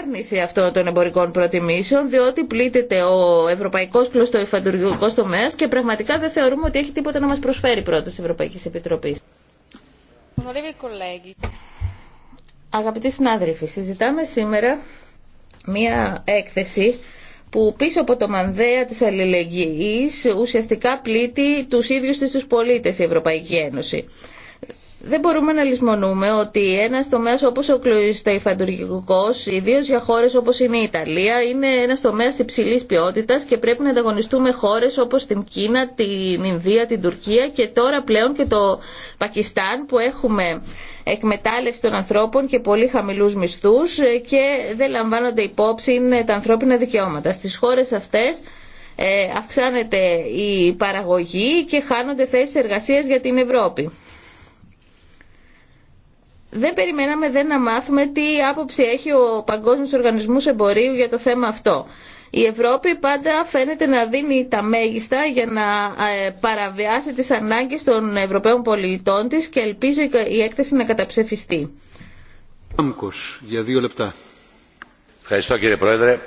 άρνηση αυτών των εμπορικών προτιμήσεων, διότι πλήττεται ο ευρωπαϊκό κλωστοϊφαντουργικό τομέα και πραγματικά δεν θεωρούμε ότι έχει τίποτα να μα προσφέρει πρώτα τη Ευρωπαϊκή Επιτροπή. Αγαπητοί συνάδελφοι, συζητάμε σήμερα μία έκθεση που πίσω από το μανδέα της αλληλεγγύης ουσιαστικά πλήττει τους ίδιους τους πολίτες η Ευρωπαϊκή Ένωση δεν μπορούμε να λησμονούμε ότι ένα τομέα όπω ο κλωστοϊφαντουργικό, ιδίω για χώρε όπω είναι η Ιταλία, είναι ένα τομέα υψηλή ποιότητα και πρέπει να ανταγωνιστούμε χώρε όπω την Κίνα, την Ινδία, την Τουρκία και τώρα πλέον και το Πακιστάν που έχουμε εκμετάλλευση των ανθρώπων και πολύ χαμηλού μισθού και δεν λαμβάνονται υπόψη τα ανθρώπινα δικαιώματα. Στι χώρε αυτέ ε, αυξάνεται η παραγωγή και χάνονται θέσει εργασία για την Ευρώπη. Δεν περιμέναμε δεν να μάθουμε τι άποψη έχει ο Παγκόσμιος Οργανισμός Εμπορίου για το θέμα αυτό. Η Ευρώπη πάντα φαίνεται να δίνει τα μέγιστα για να ε, παραβιάσει τις ανάγκες των Ευρωπαίων πολιτών της και ελπίζω η έκθεση να καταψεφιστεί. Για δύο λεπτά. Ευχαριστώ κύριε Πρόεδρε.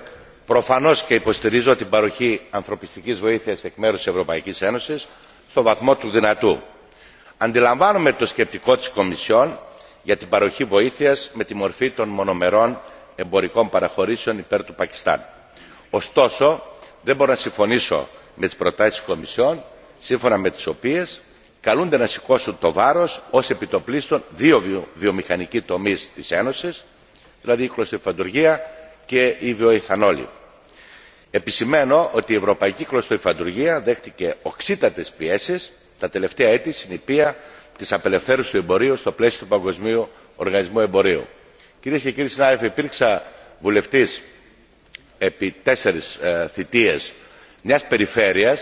Προφανώς και υποστηρίζω την παροχή ανθρωπιστικής βοήθειας εκ μέρους της Ευρωπαϊκής Ένωσης στο βαθμό του δυνατού. Αντιλαμβάνομαι το σκεπτικό της Κομισιόν για την παροχή βοήθειας με τη μορφή των μονομερών εμπορικών παραχωρήσεων υπέρ του πακιστάν. ωστόσο δεν μπορώ να συμφωνήσω με τις προτάσεις της κομισιόν σύμφωνα με τις οποίες καλούνται να σηκώσουν το βάρος ως επιτοπλίστων δύο βιομηχανικοί τομείς της ένωσης δηλαδή η κλωστοϊφαντουργία και η Βιοϊθανόλη. επισημαίνω ότι η ευρωπαϊκή κλωστοϊφαντουργία δέχτηκε οξύτατες πιέσεις τα τελευταία έτη στην της απελευθέρωση του εμπορίου στο πλαίσιο του παγκοσμίου οργανισμού εμπορίου. κυρίε και κύριοι συνάδελφοι υπήρξα βουλευτή επί τέσσερι ε, θητείε μια περιφέρεια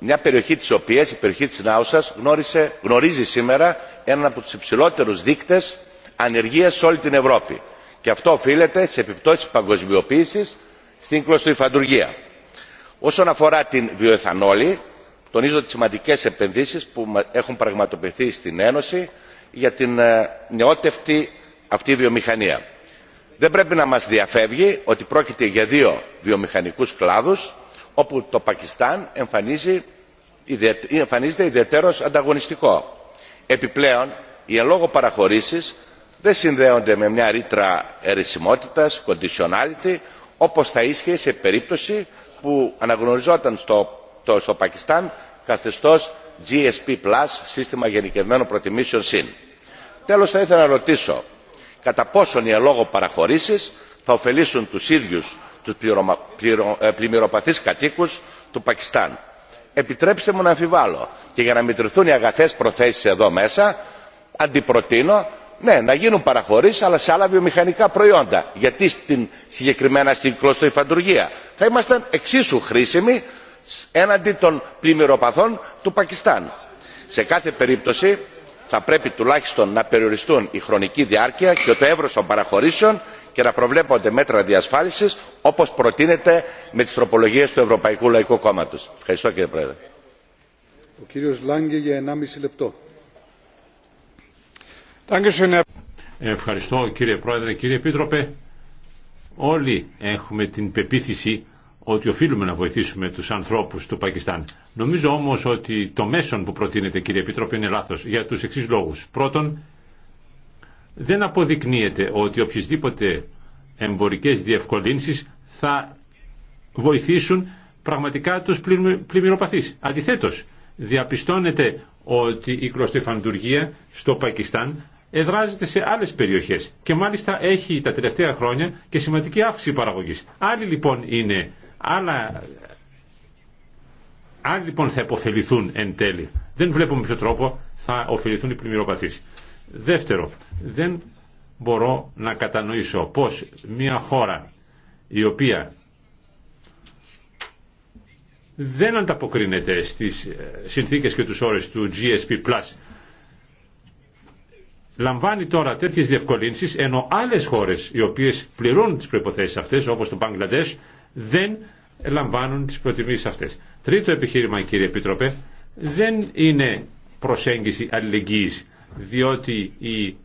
μια περιοχή τη οποία η περιοχή τη νάουσα γνωρίζει σήμερα έναν από του υψηλότερου δείκτε ανεργία σε όλη την ευρώπη και αυτό οφείλεται στι επιπτώσει παγκοσμιοποίηση στην κλωστοϊφαντουργία. όσον αφορά την βιοεθανόλη τονίζω τις σημαντικές επενδύσεις που έχουν πραγματοποιηθεί στην ένωση για την ε, νεότευτη αυτή βιομηχανία. δεν πρέπει να μας διαφεύγει ότι πρόκειται για δύο βιομηχανικούς κλάδους όπου το πακιστάν εμφανίζεται ιδιαίτερος ανταγωνιστικό. επιπλέον οι εν λόγω παραχωρήσεις δεν συνδέονται με μια ρήτρα αιρεσιμότητας conditionality όπως θα ίσχυε σε περίπτωση που αναγνωριζόταν στο στο πακιστάν καθεστώς gsp σύστημα γενικευμένων προτιμήσεων συν. τέλος θα ήθελα να ρωτήσω κατά πόσον οι ελόγω παραχωρήσεις θα ωφελήσουν τους ίδιους τους πληρωμα... κατοίκου ε, πλημμυροπαθείς κατοίκους του πακιστάν. επιτρέψτε μου να αμφιβάλλω και για να μητρηθούν οι αγαθές προθέσεις εδώ μέσα αντιπροτείνω ναι να γίνουν παραχωρήσει αλλά σε άλλα βιομηχανικά προϊόντα γιατί στην, συγκεκριμένα στην κλωστοϊφαντουργία θα ήμασταν εξίσου χρήσιμοι έναντι των πλημμυροπαθών του πακιστάν. σε κάθε περίπτωση θα πρέπει τουλάχιστον να περιοριστούν η χρονική διάρκεια και το εύρος των παραχωρήσεων και να προβλέπονται μέτρα διασφάλισης όπως προτείνεται με τις τροπολογίες του ευρωπαϊκού λαϊκού κόμματος. ευχαριστώ κύριε πρόεδρε. Ο κύριος για 1,5 λεπτό. Ευχαριστώ κύριε Πρόεδρε, κύριε Επίτροπε. Όλοι έχουμε την πεποίθηση ότι οφείλουμε να βοηθήσουμε του ανθρώπου του Πακιστάν. Νομίζω όμω ότι το μέσον που προτείνεται κύριε Επίτροπε, είναι λάθο για του εξή λόγου. Πρώτον, δεν αποδεικνύεται ότι οποιασδήποτε εμπορικέ διευκολύνσει θα βοηθήσουν πραγματικά του πλημμυροπαθεί. Αντιθέτω, διαπιστώνεται ότι η κλωστοφαντουργία στο Πακιστάν εδράζεται σε άλλες περιοχές και μάλιστα έχει τα τελευταία χρόνια και σημαντική αύξηση παραγωγής. Άλλη λοιπόν είναι Άλλα, αν λοιπόν θα υποφεληθούν εν τέλει. Δεν βλέπουμε ποιο τρόπο θα ωφεληθούν οι πλημμυροπαθείς. Δεύτερο, δεν μπορώ να κατανοήσω πως μια χώρα η οποία δεν ανταποκρίνεται στις ε, συνθήκες και τους όρες του GSP+, λαμβάνει τώρα τέτοιες διευκολύνσεις, ενώ άλλες χώρες οι οποίες πληρώνουν τις προϋποθέσεις αυτές, όπως το Μπαγκλαντέ, δεν λαμβάνουν τις προτιμήσεις αυτές. Τρίτο επιχείρημα κύριε Επίτροπε, δεν είναι προσέγγιση αλληλεγγύης, διότι η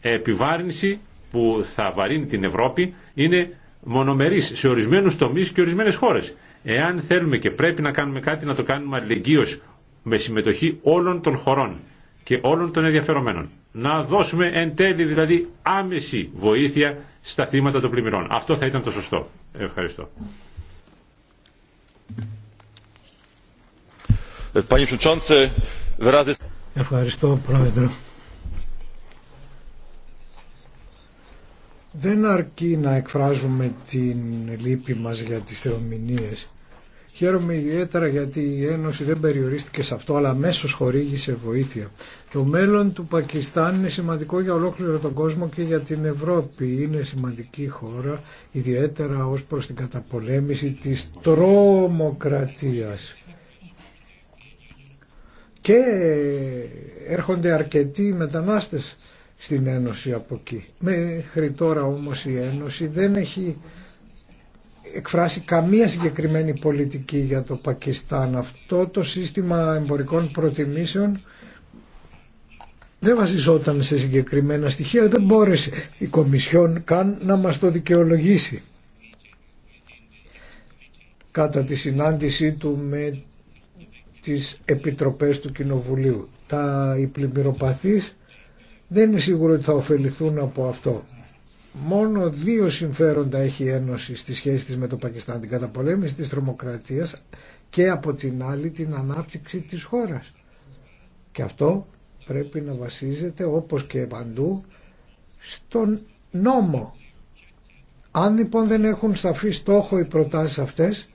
επιβάρυνση που θα βαρύνει την Ευρώπη είναι μονομερής σε ορισμένους τομείς και ορισμένες χώρες. Εάν θέλουμε και πρέπει να κάνουμε κάτι, να το κάνουμε αλληλεγγύως με συμμετοχή όλων των χωρών και όλων των ενδιαφερομένων. Να δώσουμε εν τέλει δηλαδή άμεση βοήθεια στα θύματα των πλημμυρών. Αυτό θα ήταν το σωστό. Ευχαριστώ. Ευχαριστώ Πρόεδρε. Δεν αρκεί να εκφράζουμε την λύπη μας για τις θεομηνίες Χαίρομαι ιδιαίτερα γιατί η Ένωση δεν περιορίστηκε σε αυτό, αλλά αμέσω χορήγησε βοήθεια. Το μέλλον του Πακιστάν είναι σημαντικό για ολόκληρο τον κόσμο και για την Ευρώπη. Είναι σημαντική χώρα, ιδιαίτερα ως προς την καταπολέμηση της τρομοκρατίας. Και έρχονται αρκετοί μετανάστες στην Ένωση από εκεί. Μέχρι τώρα όμως η Ένωση δεν έχει εκφράσει καμία συγκεκριμένη πολιτική για το Πακιστάν. Αυτό το σύστημα εμπορικών προτιμήσεων δεν βασιζόταν σε συγκεκριμένα στοιχεία, δεν μπόρεσε η Κομισιόν καν να μας το δικαιολογήσει. Κατά τη συνάντησή του με τις επιτροπές του Κοινοβουλίου. Τα οι δεν είναι σίγουρο ότι θα ωφεληθούν από αυτό μόνο δύο συμφέροντα έχει η Ένωση στη σχέση της με το Πακιστάν, την καταπολέμηση της τρομοκρατίας και από την άλλη την ανάπτυξη της χώρας. Και αυτό πρέπει να βασίζεται όπως και παντού στον νόμο. Αν λοιπόν δεν έχουν σταθεί στόχο οι προτάσεις αυτές,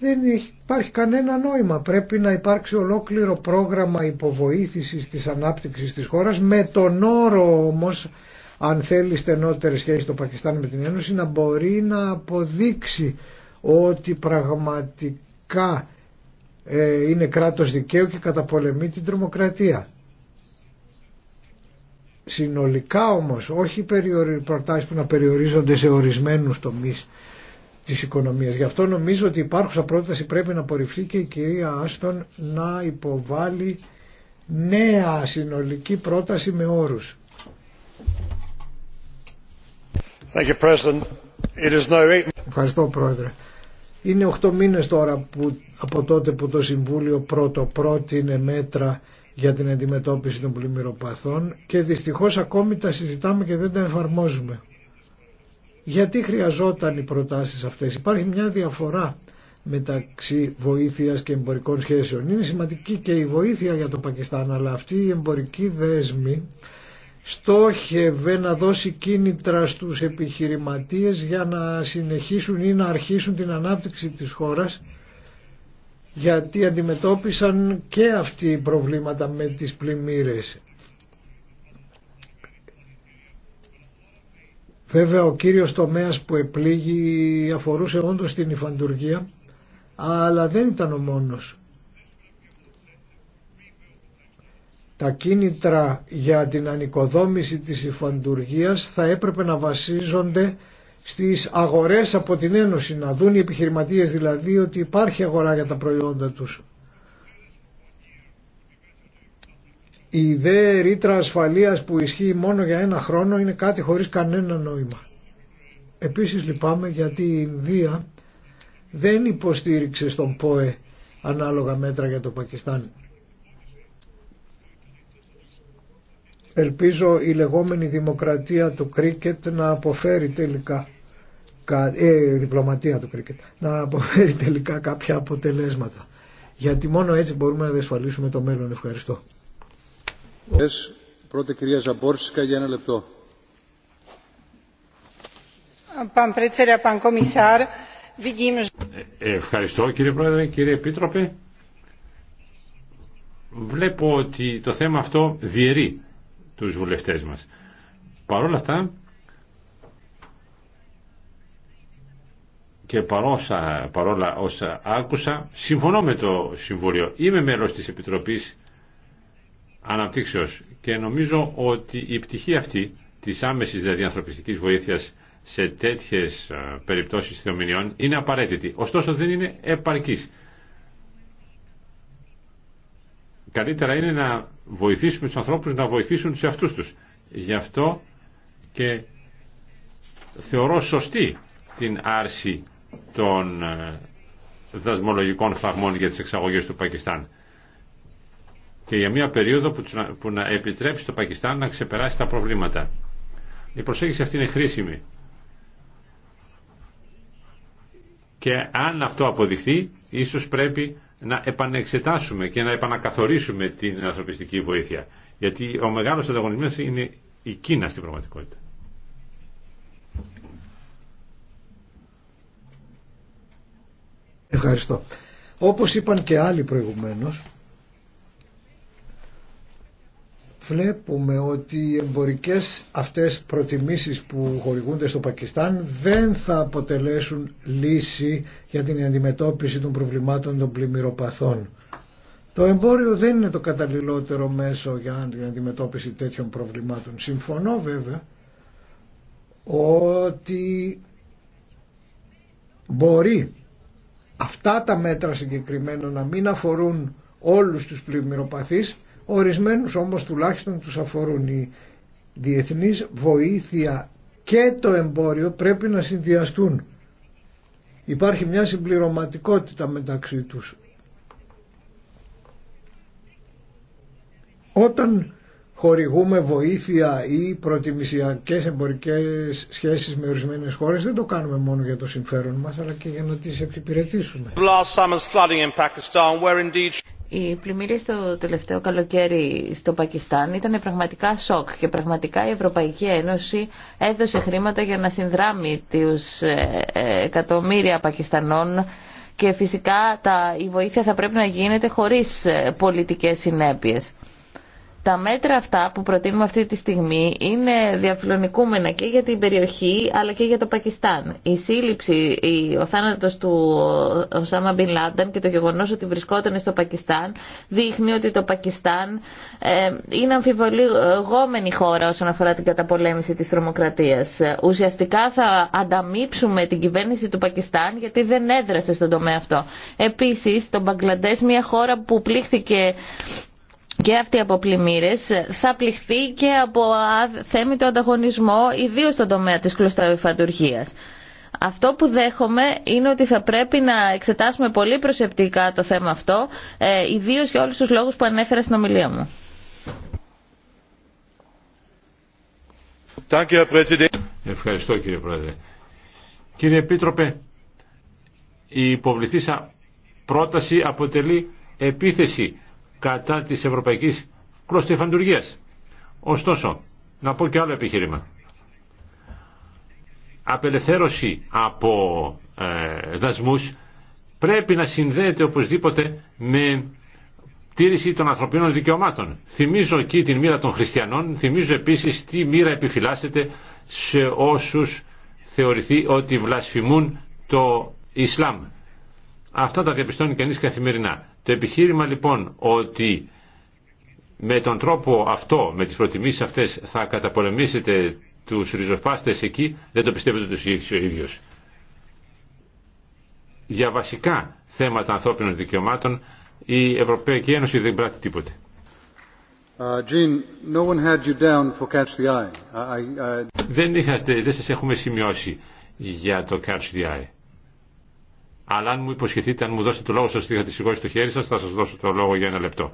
δεν υπάρχει κανένα νόημα. Πρέπει να υπάρξει ολόκληρο πρόγραμμα υποβοήθησης της ανάπτυξης της χώρας με τον όρο όμως αν θέλει στενότερες σχέσεις το Πακιστάν με την Ένωση να μπορεί να αποδείξει ότι πραγματικά ε, είναι κράτος δικαίου και καταπολεμεί την τρομοκρατία. Συνολικά όμως, όχι προτάσεις που να περιορίζονται σε ορισμένους τομείς της οικονομίας. Γι' αυτό νομίζω ότι υπάρχουσα πρόταση πρέπει να απορριφθεί και η κυρία Άστον να υποβάλει νέα συνολική πρόταση με όρους. Ευχαριστώ Πρόεδρε. Είναι 8 μήνες τώρα από τότε που το Συμβούλιο πρώτο πρότεινε μέτρα για την αντιμετώπιση των πλημμυροπαθών και δυστυχώς ακόμη τα συζητάμε και δεν τα εφαρμόζουμε. Γιατί χρειαζόταν οι προτάσεις αυτές. Υπάρχει μια διαφορά μεταξύ βοήθειας και εμπορικών σχέσεων. Είναι σημαντική και η βοήθεια για το Πακιστάν, αλλά αυτή η εμπορική δέσμη στόχευε να δώσει κίνητρα στους επιχειρηματίες για να συνεχίσουν ή να αρχίσουν την ανάπτυξη της χώρας γιατί αντιμετώπισαν και αυτοί οι προβλήματα με τις πλημμύρες. Βέβαια ο κύριος τομέας που επλήγει αφορούσε όντως την υφαντουργία αλλά δεν ήταν ο μόνος. τα κίνητρα για την ανοικοδόμηση της υφαντουργίας θα έπρεπε να βασίζονται στις αγορές από την Ένωση, να δουν οι επιχειρηματίες δηλαδή ότι υπάρχει αγορά για τα προϊόντα τους. Η ιδέα ρήτρα ασφαλείας που ισχύει μόνο για ένα χρόνο είναι κάτι χωρίς κανένα νόημα. Επίσης λυπάμαι γιατί η Ινδία δεν υποστήριξε στον ΠΟΕ ανάλογα μέτρα για το Πακιστάν. Ελπίζω η λεγόμενη δημοκρατία του κρίκετ να αποφέρει τελικά ε, διπλωματία του κρίκετ, να αποφέρει τελικά κάποια αποτελέσματα. Γιατί μόνο έτσι μπορούμε να διασφαλίσουμε το μέλλον. Ευχαριστώ. πρώτη κυρία Ζαμπόρσικα για ένα λεπτό. Ε, ε, ευχαριστώ κύριε Πρόεδρε, κύριε Επίτροπε. Βλέπω ότι το θέμα αυτό διαιρεί τους βουλευτές μας. Παρόλα αυτά και παρόλα όσα άκουσα, συμφωνώ με το Συμβούλιο. Είμαι μέλος της Επιτροπής Αναπτύξεως και νομίζω ότι η πτυχή αυτή της άμεσης δηλαδή ανθρωπιστικής βοήθειας σε τέτοιες ε, περιπτώσεις θεομηνιών είναι απαραίτητη. Ωστόσο δεν είναι επαρκής. Καλύτερα είναι να βοηθήσουμε τους ανθρώπους να βοηθήσουν τους εαυτούς τους. Γι' αυτό και θεωρώ σωστή την άρση των ε, δασμολογικών φαγμών για τις εξαγωγές του Πακιστάν και για μια περίοδο που να επιτρέψει το Πακιστάν να ξεπεράσει τα προβλήματα. Η προσέγγιση αυτή είναι χρήσιμη. Και αν αυτό αποδειχθεί, ίσως πρέπει να επανεξετάσουμε και να επανακαθορίσουμε την ανθρωπιστική βοήθεια. Γιατί ο μεγάλος ανταγωνισμός είναι η Κίνα στην πραγματικότητα. Ευχαριστώ. Όπως είπαν και άλλοι προηγουμένως, βλέπουμε ότι οι εμπορικές αυτές προτιμήσεις που χορηγούνται στο Πακιστάν δεν θα αποτελέσουν λύση για την αντιμετώπιση των προβλημάτων των πλημμυροπαθών. Το εμπόριο δεν είναι το καταλληλότερο μέσο για την αντιμετώπιση τέτοιων προβλημάτων. Συμφωνώ βέβαια ότι μπορεί αυτά τα μέτρα συγκεκριμένα να μην αφορούν όλους τους πλημμυροπαθείς Ορισμένους όμως τουλάχιστον τους αφορούν η διεθνής βοήθεια και το εμπόριο πρέπει να συνδυαστούν. Υπάρχει μια συμπληρωματικότητα μεταξύ τους. Όταν χορηγούμε βοήθεια ή προτιμησιακές εμπορικές σχέσεις με ορισμένες χώρες δεν το κάνουμε μόνο για το συμφέρον μας αλλά και για να τις εξυπηρετήσουμε. Οι πλημμύρε το τελευταίο καλοκαίρι στο Πακιστάν ήταν πραγματικά σοκ και πραγματικά η Ευρωπαϊκή Ένωση έδωσε χρήματα για να συνδράμει τους ε, ε, εκατομμύρια Πακιστανών και φυσικά η βοήθεια θα πρέπει να γίνεται χωρίς ε, πολιτικές συνέπειες. Τα μέτρα αυτά που προτείνουμε αυτή τη στιγμή είναι διαφιλονικούμενα και για την περιοχή αλλά και για το Πακιστάν. Η σύλληψη, ο θάνατος του Οσάμα Μπιν Λάνταν και το γεγονός ότι βρισκόταν στο Πακιστάν δείχνει ότι το Πακιστάν ε, είναι αμφιβολιγόμενη χώρα όσον αφορά την καταπολέμηση της τρομοκρατίας. Ουσιαστικά θα ανταμείψουμε την κυβέρνηση του Πακιστάν γιατί δεν έδρασε στον τομέα αυτό. Επίσης, το Μπαγκλαντές, μια χώρα που πλήχθηκε και αυτή από πλημμύρε θα πληχθεί και από το ανταγωνισμό, ιδίω στον τομέα τη κλωσταβεφαντουργία. Αυτό που δέχομαι είναι ότι θα πρέπει να εξετάσουμε πολύ προσεπτικά το θέμα αυτό, ε, ιδίω για όλου του λόγου που ανέφερα στην ομιλία μου. Ευχαριστώ κύριε Πρόεδρε. Κύριε Επίτροπε, η υποβληθήσα πρόταση αποτελεί επίθεση κατά της ευρωπαϊκής κλωστήφαντουργίας. Ωστόσο, να πω και άλλο επιχείρημα. Απελευθέρωση από ε, δασμούς πρέπει να συνδέεται οπωσδήποτε με τήρηση των ανθρωπίνων δικαιωμάτων. Θυμίζω εκεί την μοίρα των χριστιανών, θυμίζω επίσης τι μοίρα επιφυλάσσεται σε όσους θεωρηθεί ότι βλασφημούν το Ισλάμ. Αυτά τα διαπιστώνει κανείς καθημερινά. Το επιχείρημα λοιπόν ότι με τον τρόπο αυτό, με τις προτιμήσεις αυτές θα καταπολεμήσετε τους ριζοσπάστες εκεί, δεν το πιστεύετε τους ίδιους ο ίδιος. Για βασικά θέματα ανθρώπινων δικαιωμάτων η Ευρωπαϊκή Ένωση δεν πράττει τίποτε. Δεν, είχατε, δεν σας έχουμε σημειώσει για το Catch the Eye αλλά αν μου υποσχεθείτε, αν μου δώσετε το λόγο σας ότι θα τη σηκώσει το χέρι σας, θα σας δώσω το λόγο για ένα λεπτό.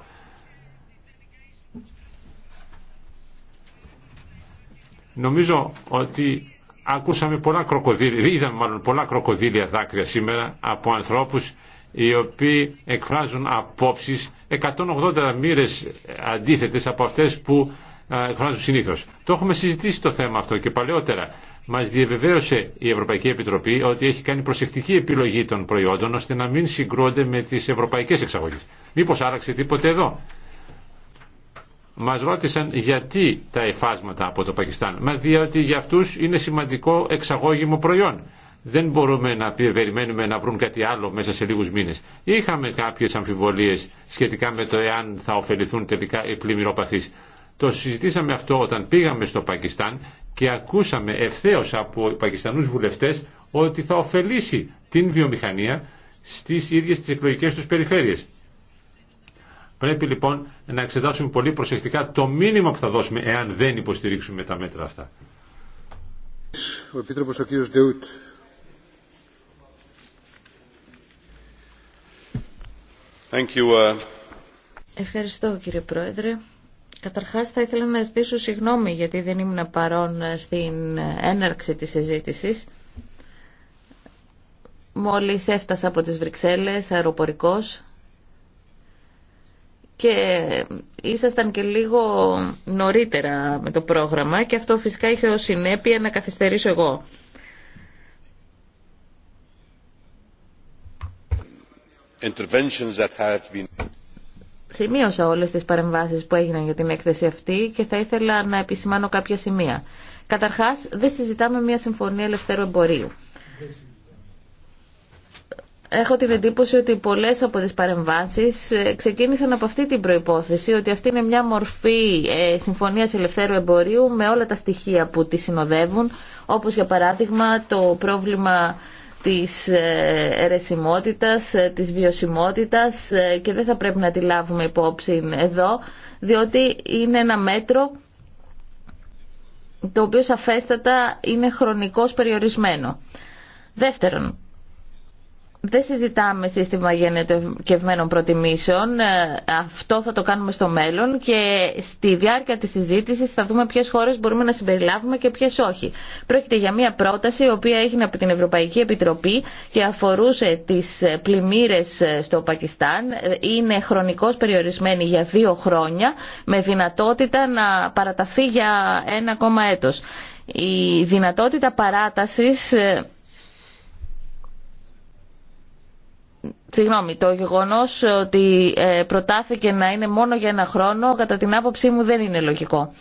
Νομίζω ότι ακούσαμε πολλά κροκοδίλια, είδαμε μάλλον πολλά κροκοδίλια δάκρυα σήμερα από ανθρώπους οι οποίοι εκφράζουν απόψεις 180 μοίρες αντίθετες από αυτές που ε, εκφράζουν συνήθως. Το έχουμε συζητήσει το θέμα αυτό και παλαιότερα. Μας διαβεβαίωσε η Ευρωπαϊκή Επιτροπή ότι έχει κάνει προσεκτική επιλογή των προϊόντων ώστε να μην συγκρούονται με τις ευρωπαϊκές εξαγωγές. Μήπως άραξε τίποτε εδώ. Μας ρώτησαν γιατί τα εφάσματα από το Πακιστάν. Μα διότι για αυτούς είναι σημαντικό εξαγώγημο προϊόν. Δεν μπορούμε να περιμένουμε να βρουν κάτι άλλο μέσα σε λίγους μήνες. Είχαμε κάποιες αμφιβολίες σχετικά με το εάν θα ωφεληθούν τελικά οι πλημμυροπαθείς. Το συζητήσαμε αυτό όταν πήγαμε στο Πακιστάν και ακούσαμε ευθέως από Πακιστανούς βουλευτές ότι θα ωφελήσει την βιομηχανία στις ίδιες τις εκλογικές τους περιφέρειες. Πρέπει λοιπόν να εξετάσουμε πολύ προσεκτικά το μήνυμα που θα δώσουμε εάν δεν υποστηρίξουμε τα μέτρα αυτά. Ο ο uh, Ευχαριστώ κύριε Πρόεδρε. Καταρχάς θα ήθελα να ζητήσω συγγνώμη γιατί δεν ήμουν παρόν στην έναρξη της συζήτηση. Μόλις έφτασα από τις Βρυξέλλες αεροπορικός και ήσασταν και λίγο νωρίτερα με το πρόγραμμα και αυτό φυσικά είχε ως συνέπεια να καθυστερήσω εγώ. Interventions that been... Σημείωσα όλες τις παρεμβάσεις που έγιναν για την έκθεση αυτή και θα ήθελα να επισημάνω κάποια σημεία. Καταρχάς, δεν συζητάμε μια συμφωνία ελευθέρου εμπορίου. Έχω την εντύπωση ότι πολλές από τις παρεμβάσεις ε, ξεκίνησαν από αυτή την προϋπόθεση, ότι αυτή είναι μια μορφή ε, συμφωνίας ελευθέρου εμπορίου με όλα τα στοιχεία που τη συνοδεύουν, όπως για παράδειγμα το πρόβλημα της ερεσιμότητας, ε, της βιωσιμότητας ε, και δεν θα πρέπει να τη λάβουμε υπόψη εδώ, διότι είναι ένα μέτρο το οποίο σαφέστατα είναι χρονικός περιορισμένο. Δεύτερον, δεν συζητάμε σύστημα γενετευμένων προτιμήσεων. Ε, αυτό θα το κάνουμε στο μέλλον και στη διάρκεια της συζήτησης θα δούμε ποιες χώρες μπορούμε να συμπεριλάβουμε και ποιες όχι. Πρόκειται για μια πρόταση η οποία έγινε από την Ευρωπαϊκή Επιτροπή και αφορούσε τις πλημμύρες στο Πακιστάν. Είναι χρονικώς περιορισμένη για δύο χρόνια με δυνατότητα να παραταθεί για ένα ακόμα έτος. Η δυνατότητα παράτασης ε, Συγγνώμη, το γεγονό ότι ε, προτάθηκε να είναι μόνο για ένα χρόνο, κατά την άποψή μου δεν είναι λογικό.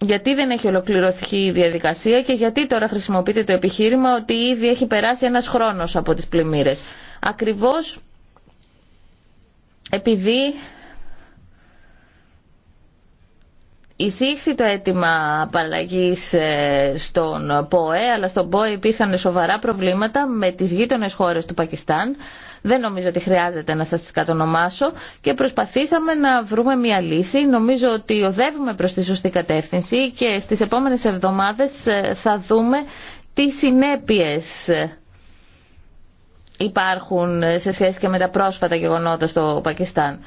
Γιατί δεν έχει ολοκληρωθεί η διαδικασία και γιατί τώρα χρησιμοποιείται το επιχείρημα ότι ήδη έχει περάσει ένας χρόνος από τις πλημμύρες. Ακριβώς επειδή Εισήχθη το αίτημα απαλλαγή ε, στον ΠΟΕ, αλλά στον ΠΟΕ υπήρχαν σοβαρά προβλήματα με τις γείτονες χώρες του Πακιστάν. Δεν νομίζω ότι χρειάζεται να σας τις κατονομάσω και προσπαθήσαμε να βρούμε μια λύση. Νομίζω ότι οδεύουμε προς τη σωστή κατεύθυνση και στις επόμενες εβδομάδες ε, θα δούμε τι συνέπειες ε, υπάρχουν σε σχέση και με τα πρόσφατα γεγονότα στο Πακιστάν.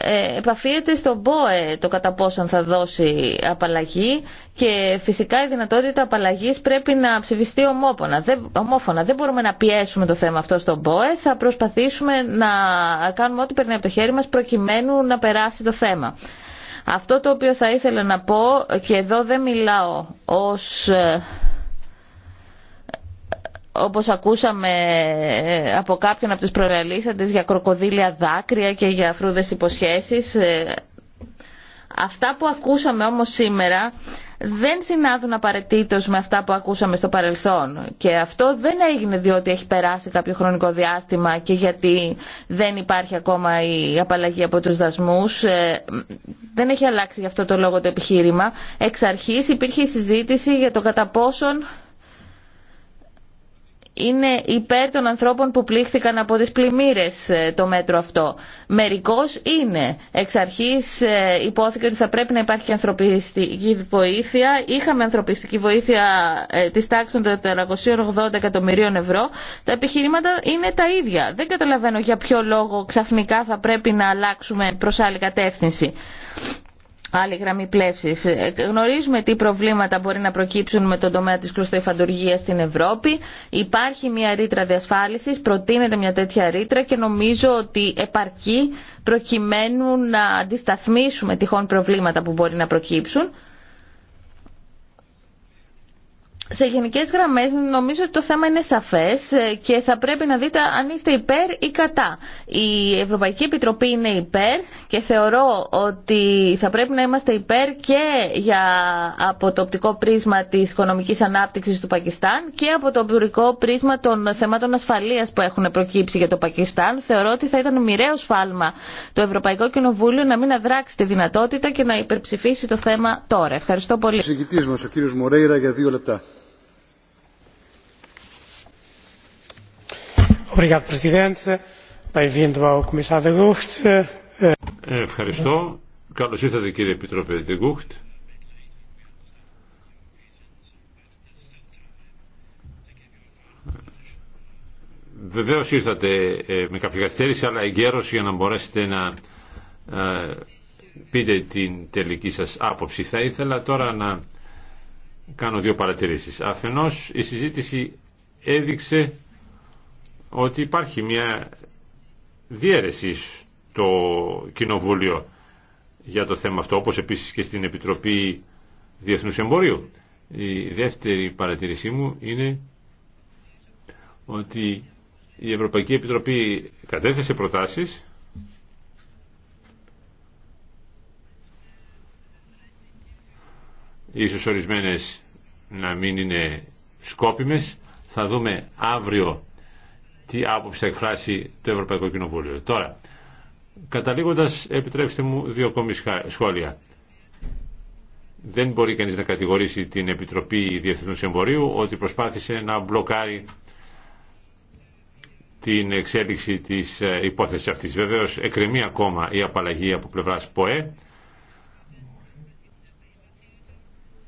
Ε, επαφίεται στον ΠΟΕ το κατά πόσον θα δώσει απαλλαγή και φυσικά η δυνατότητα απαλλαγή πρέπει να ψηφιστεί ομόφωνα. Δεν, ομόφωνα. Δεν μπορούμε να πιέσουμε το θέμα αυτό στον ΠΟΕ. Θα προσπαθήσουμε να κάνουμε ό,τι περνάει από το χέρι μα προκειμένου να περάσει το θέμα. Αυτό το οποίο θα ήθελα να πω και εδώ δεν μιλάω ως ε, όπως ακούσαμε ε, από κάποιον από τις προελίσσαντες για κροκοδίλια δάκρυα και για φρούδες υποσχέσεις. Ε, αυτά που ακούσαμε όμως σήμερα δεν συνάδουν απαραίτητο με αυτά που ακούσαμε στο παρελθόν. Και αυτό δεν έγινε διότι έχει περάσει κάποιο χρονικό διάστημα και γιατί δεν υπάρχει ακόμα η απαλλαγή από τους δασμούς. Ε, δεν έχει αλλάξει γι' αυτό το λόγο το επιχείρημα. Εξ αρχής υπήρχε η συζήτηση για το κατά πόσον είναι υπέρ των ανθρώπων που πλήχθηκαν από τις πλημμύρες ε, το μέτρο αυτό. Μερικώς είναι. Εξ αρχής ε, υπόθηκε ότι θα πρέπει να υπάρχει ανθρωπιστική βοήθεια. Είχαμε ανθρωπιστική βοήθεια ε, της τάξης των 480 εκατομμυρίων ευρώ. Τα επιχειρήματα είναι τα ίδια. Δεν καταλαβαίνω για ποιο λόγο ξαφνικά θα πρέπει να αλλάξουμε προς άλλη κατεύθυνση άλλη γραμμή πλεύση. Ε, γνωρίζουμε τι προβλήματα μπορεί να προκύψουν με τον τομέα της κλωστοϊφαντουργία στην Ευρώπη. Υπάρχει μια ρήτρα διασφάλισης, προτείνεται μια τέτοια ρήτρα και νομίζω ότι επαρκεί προκειμένου να αντισταθμίσουμε τυχόν προβλήματα που μπορεί να προκύψουν σε γενικέ γραμμέ, νομίζω ότι το θέμα είναι σαφέ ε, και θα πρέπει να δείτε αν είστε υπέρ ή κατά. Η Ευρωπαϊκή Επιτροπή είναι υπέρ και θεωρώ ότι θα πρέπει να είμαστε υπέρ και για, από το οπτικό πρίσμα τη οικονομική ανάπτυξη του Πακιστάν και από το οπτικό πρίσμα των θεμάτων ασφαλεία που έχουν προκύψει για το Πακιστάν. Θεωρώ ότι θα ήταν μοιραίο σφάλμα το Ευρωπαϊκό Κοινοβούλιο να μην αδράξει τη δυνατότητα και να υπερψηφίσει το θέμα τώρα. Ευχαριστώ πολύ. ο κύριο Μορέιρα, για δύο λεπτά. Ευχαριστώ. Καλώ ήρθατε κύριε de Gucht. Βεβαίω ήρθατε ε, με κάποια καθυστέρηση, αλλά εγκαίρω για να μπορέσετε να ε, πείτε την τελική σα άποψη. Θα ήθελα τώρα να κάνω δύο παρατηρήσει. Αφενό, η συζήτηση έδειξε ότι υπάρχει μια διαίρεση στο Κοινοβούλιο για το θέμα αυτό, όπως επίσης και στην Επιτροπή Διεθνούς Εμπορίου. Η δεύτερη παρατηρήσή μου είναι ότι η Ευρωπαϊκή Επιτροπή κατέθεσε προτάσεις ίσως ορισμένες να μην είναι σκόπιμες θα δούμε αύριο τι άποψη θα εκφράσει το Ευρωπαϊκό Κοινοβούλιο. Τώρα, καταλήγοντας, επιτρέψτε μου δύο ακόμη σχόλια. Δεν μπορεί κανείς να κατηγορήσει την Επιτροπή Διεθνούς Εμπορίου ότι προσπάθησε να μπλοκάρει την εξέλιξη της ε, υπόθεσης αυτής. Βεβαίως, εκκρεμεί ακόμα η απαλλαγή από πλευράς ΠΟΕ.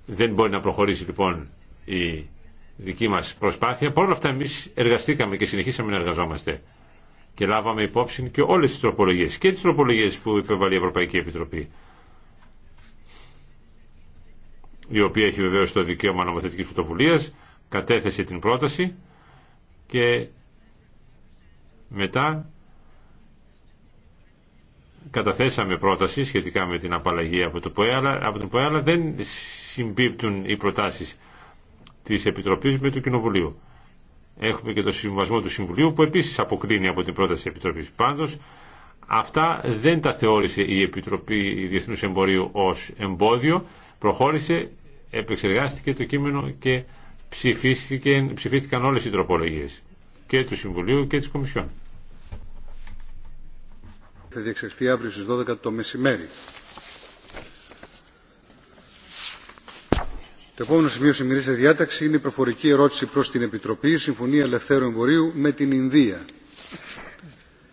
Δεν μπορεί να προχωρήσει λοιπόν η δική μας προσπάθεια. Παρ' αυτά εμείς εργαστήκαμε και συνεχίσαμε να εργαζόμαστε και λάβαμε υπόψη και όλες τις τροπολογίες και τις τροπολογίες που υπεβαλεί η Ευρωπαϊκή Επιτροπή η οποία έχει βεβαίω το δικαίωμα νομοθετικής πρωτοβουλία, κατέθεσε την πρόταση και μετά καταθέσαμε πρόταση σχετικά με την απαλλαγή από, το ΠΟΕ, αλλά, από αλλά δεν συμπίπτουν οι προτάσεις Τη Επιτροπής με το Κοινοβουλίο. Έχουμε και το συμβασμό του Συμβουλίου που επίσης αποκρίνει από την πρόταση τη Επιτροπή Πάντω, αυτά δεν τα θεώρησε η Επιτροπή Διεθνού Εμπορίου ως εμπόδιο. Προχώρησε, επεξεργάστηκε το κείμενο και ψηφίστηκαν, ψηφίστηκαν όλες οι τροπολογίε και του Συμβουλίου και της Κομισιόν. το μεσημέρι. Το επόμενο σημείο σημερινής διάταξη είναι η προφορική ερώτηση προς την Επιτροπή Συμφωνία Ελευθέρου Εμπορίου με την Ινδία.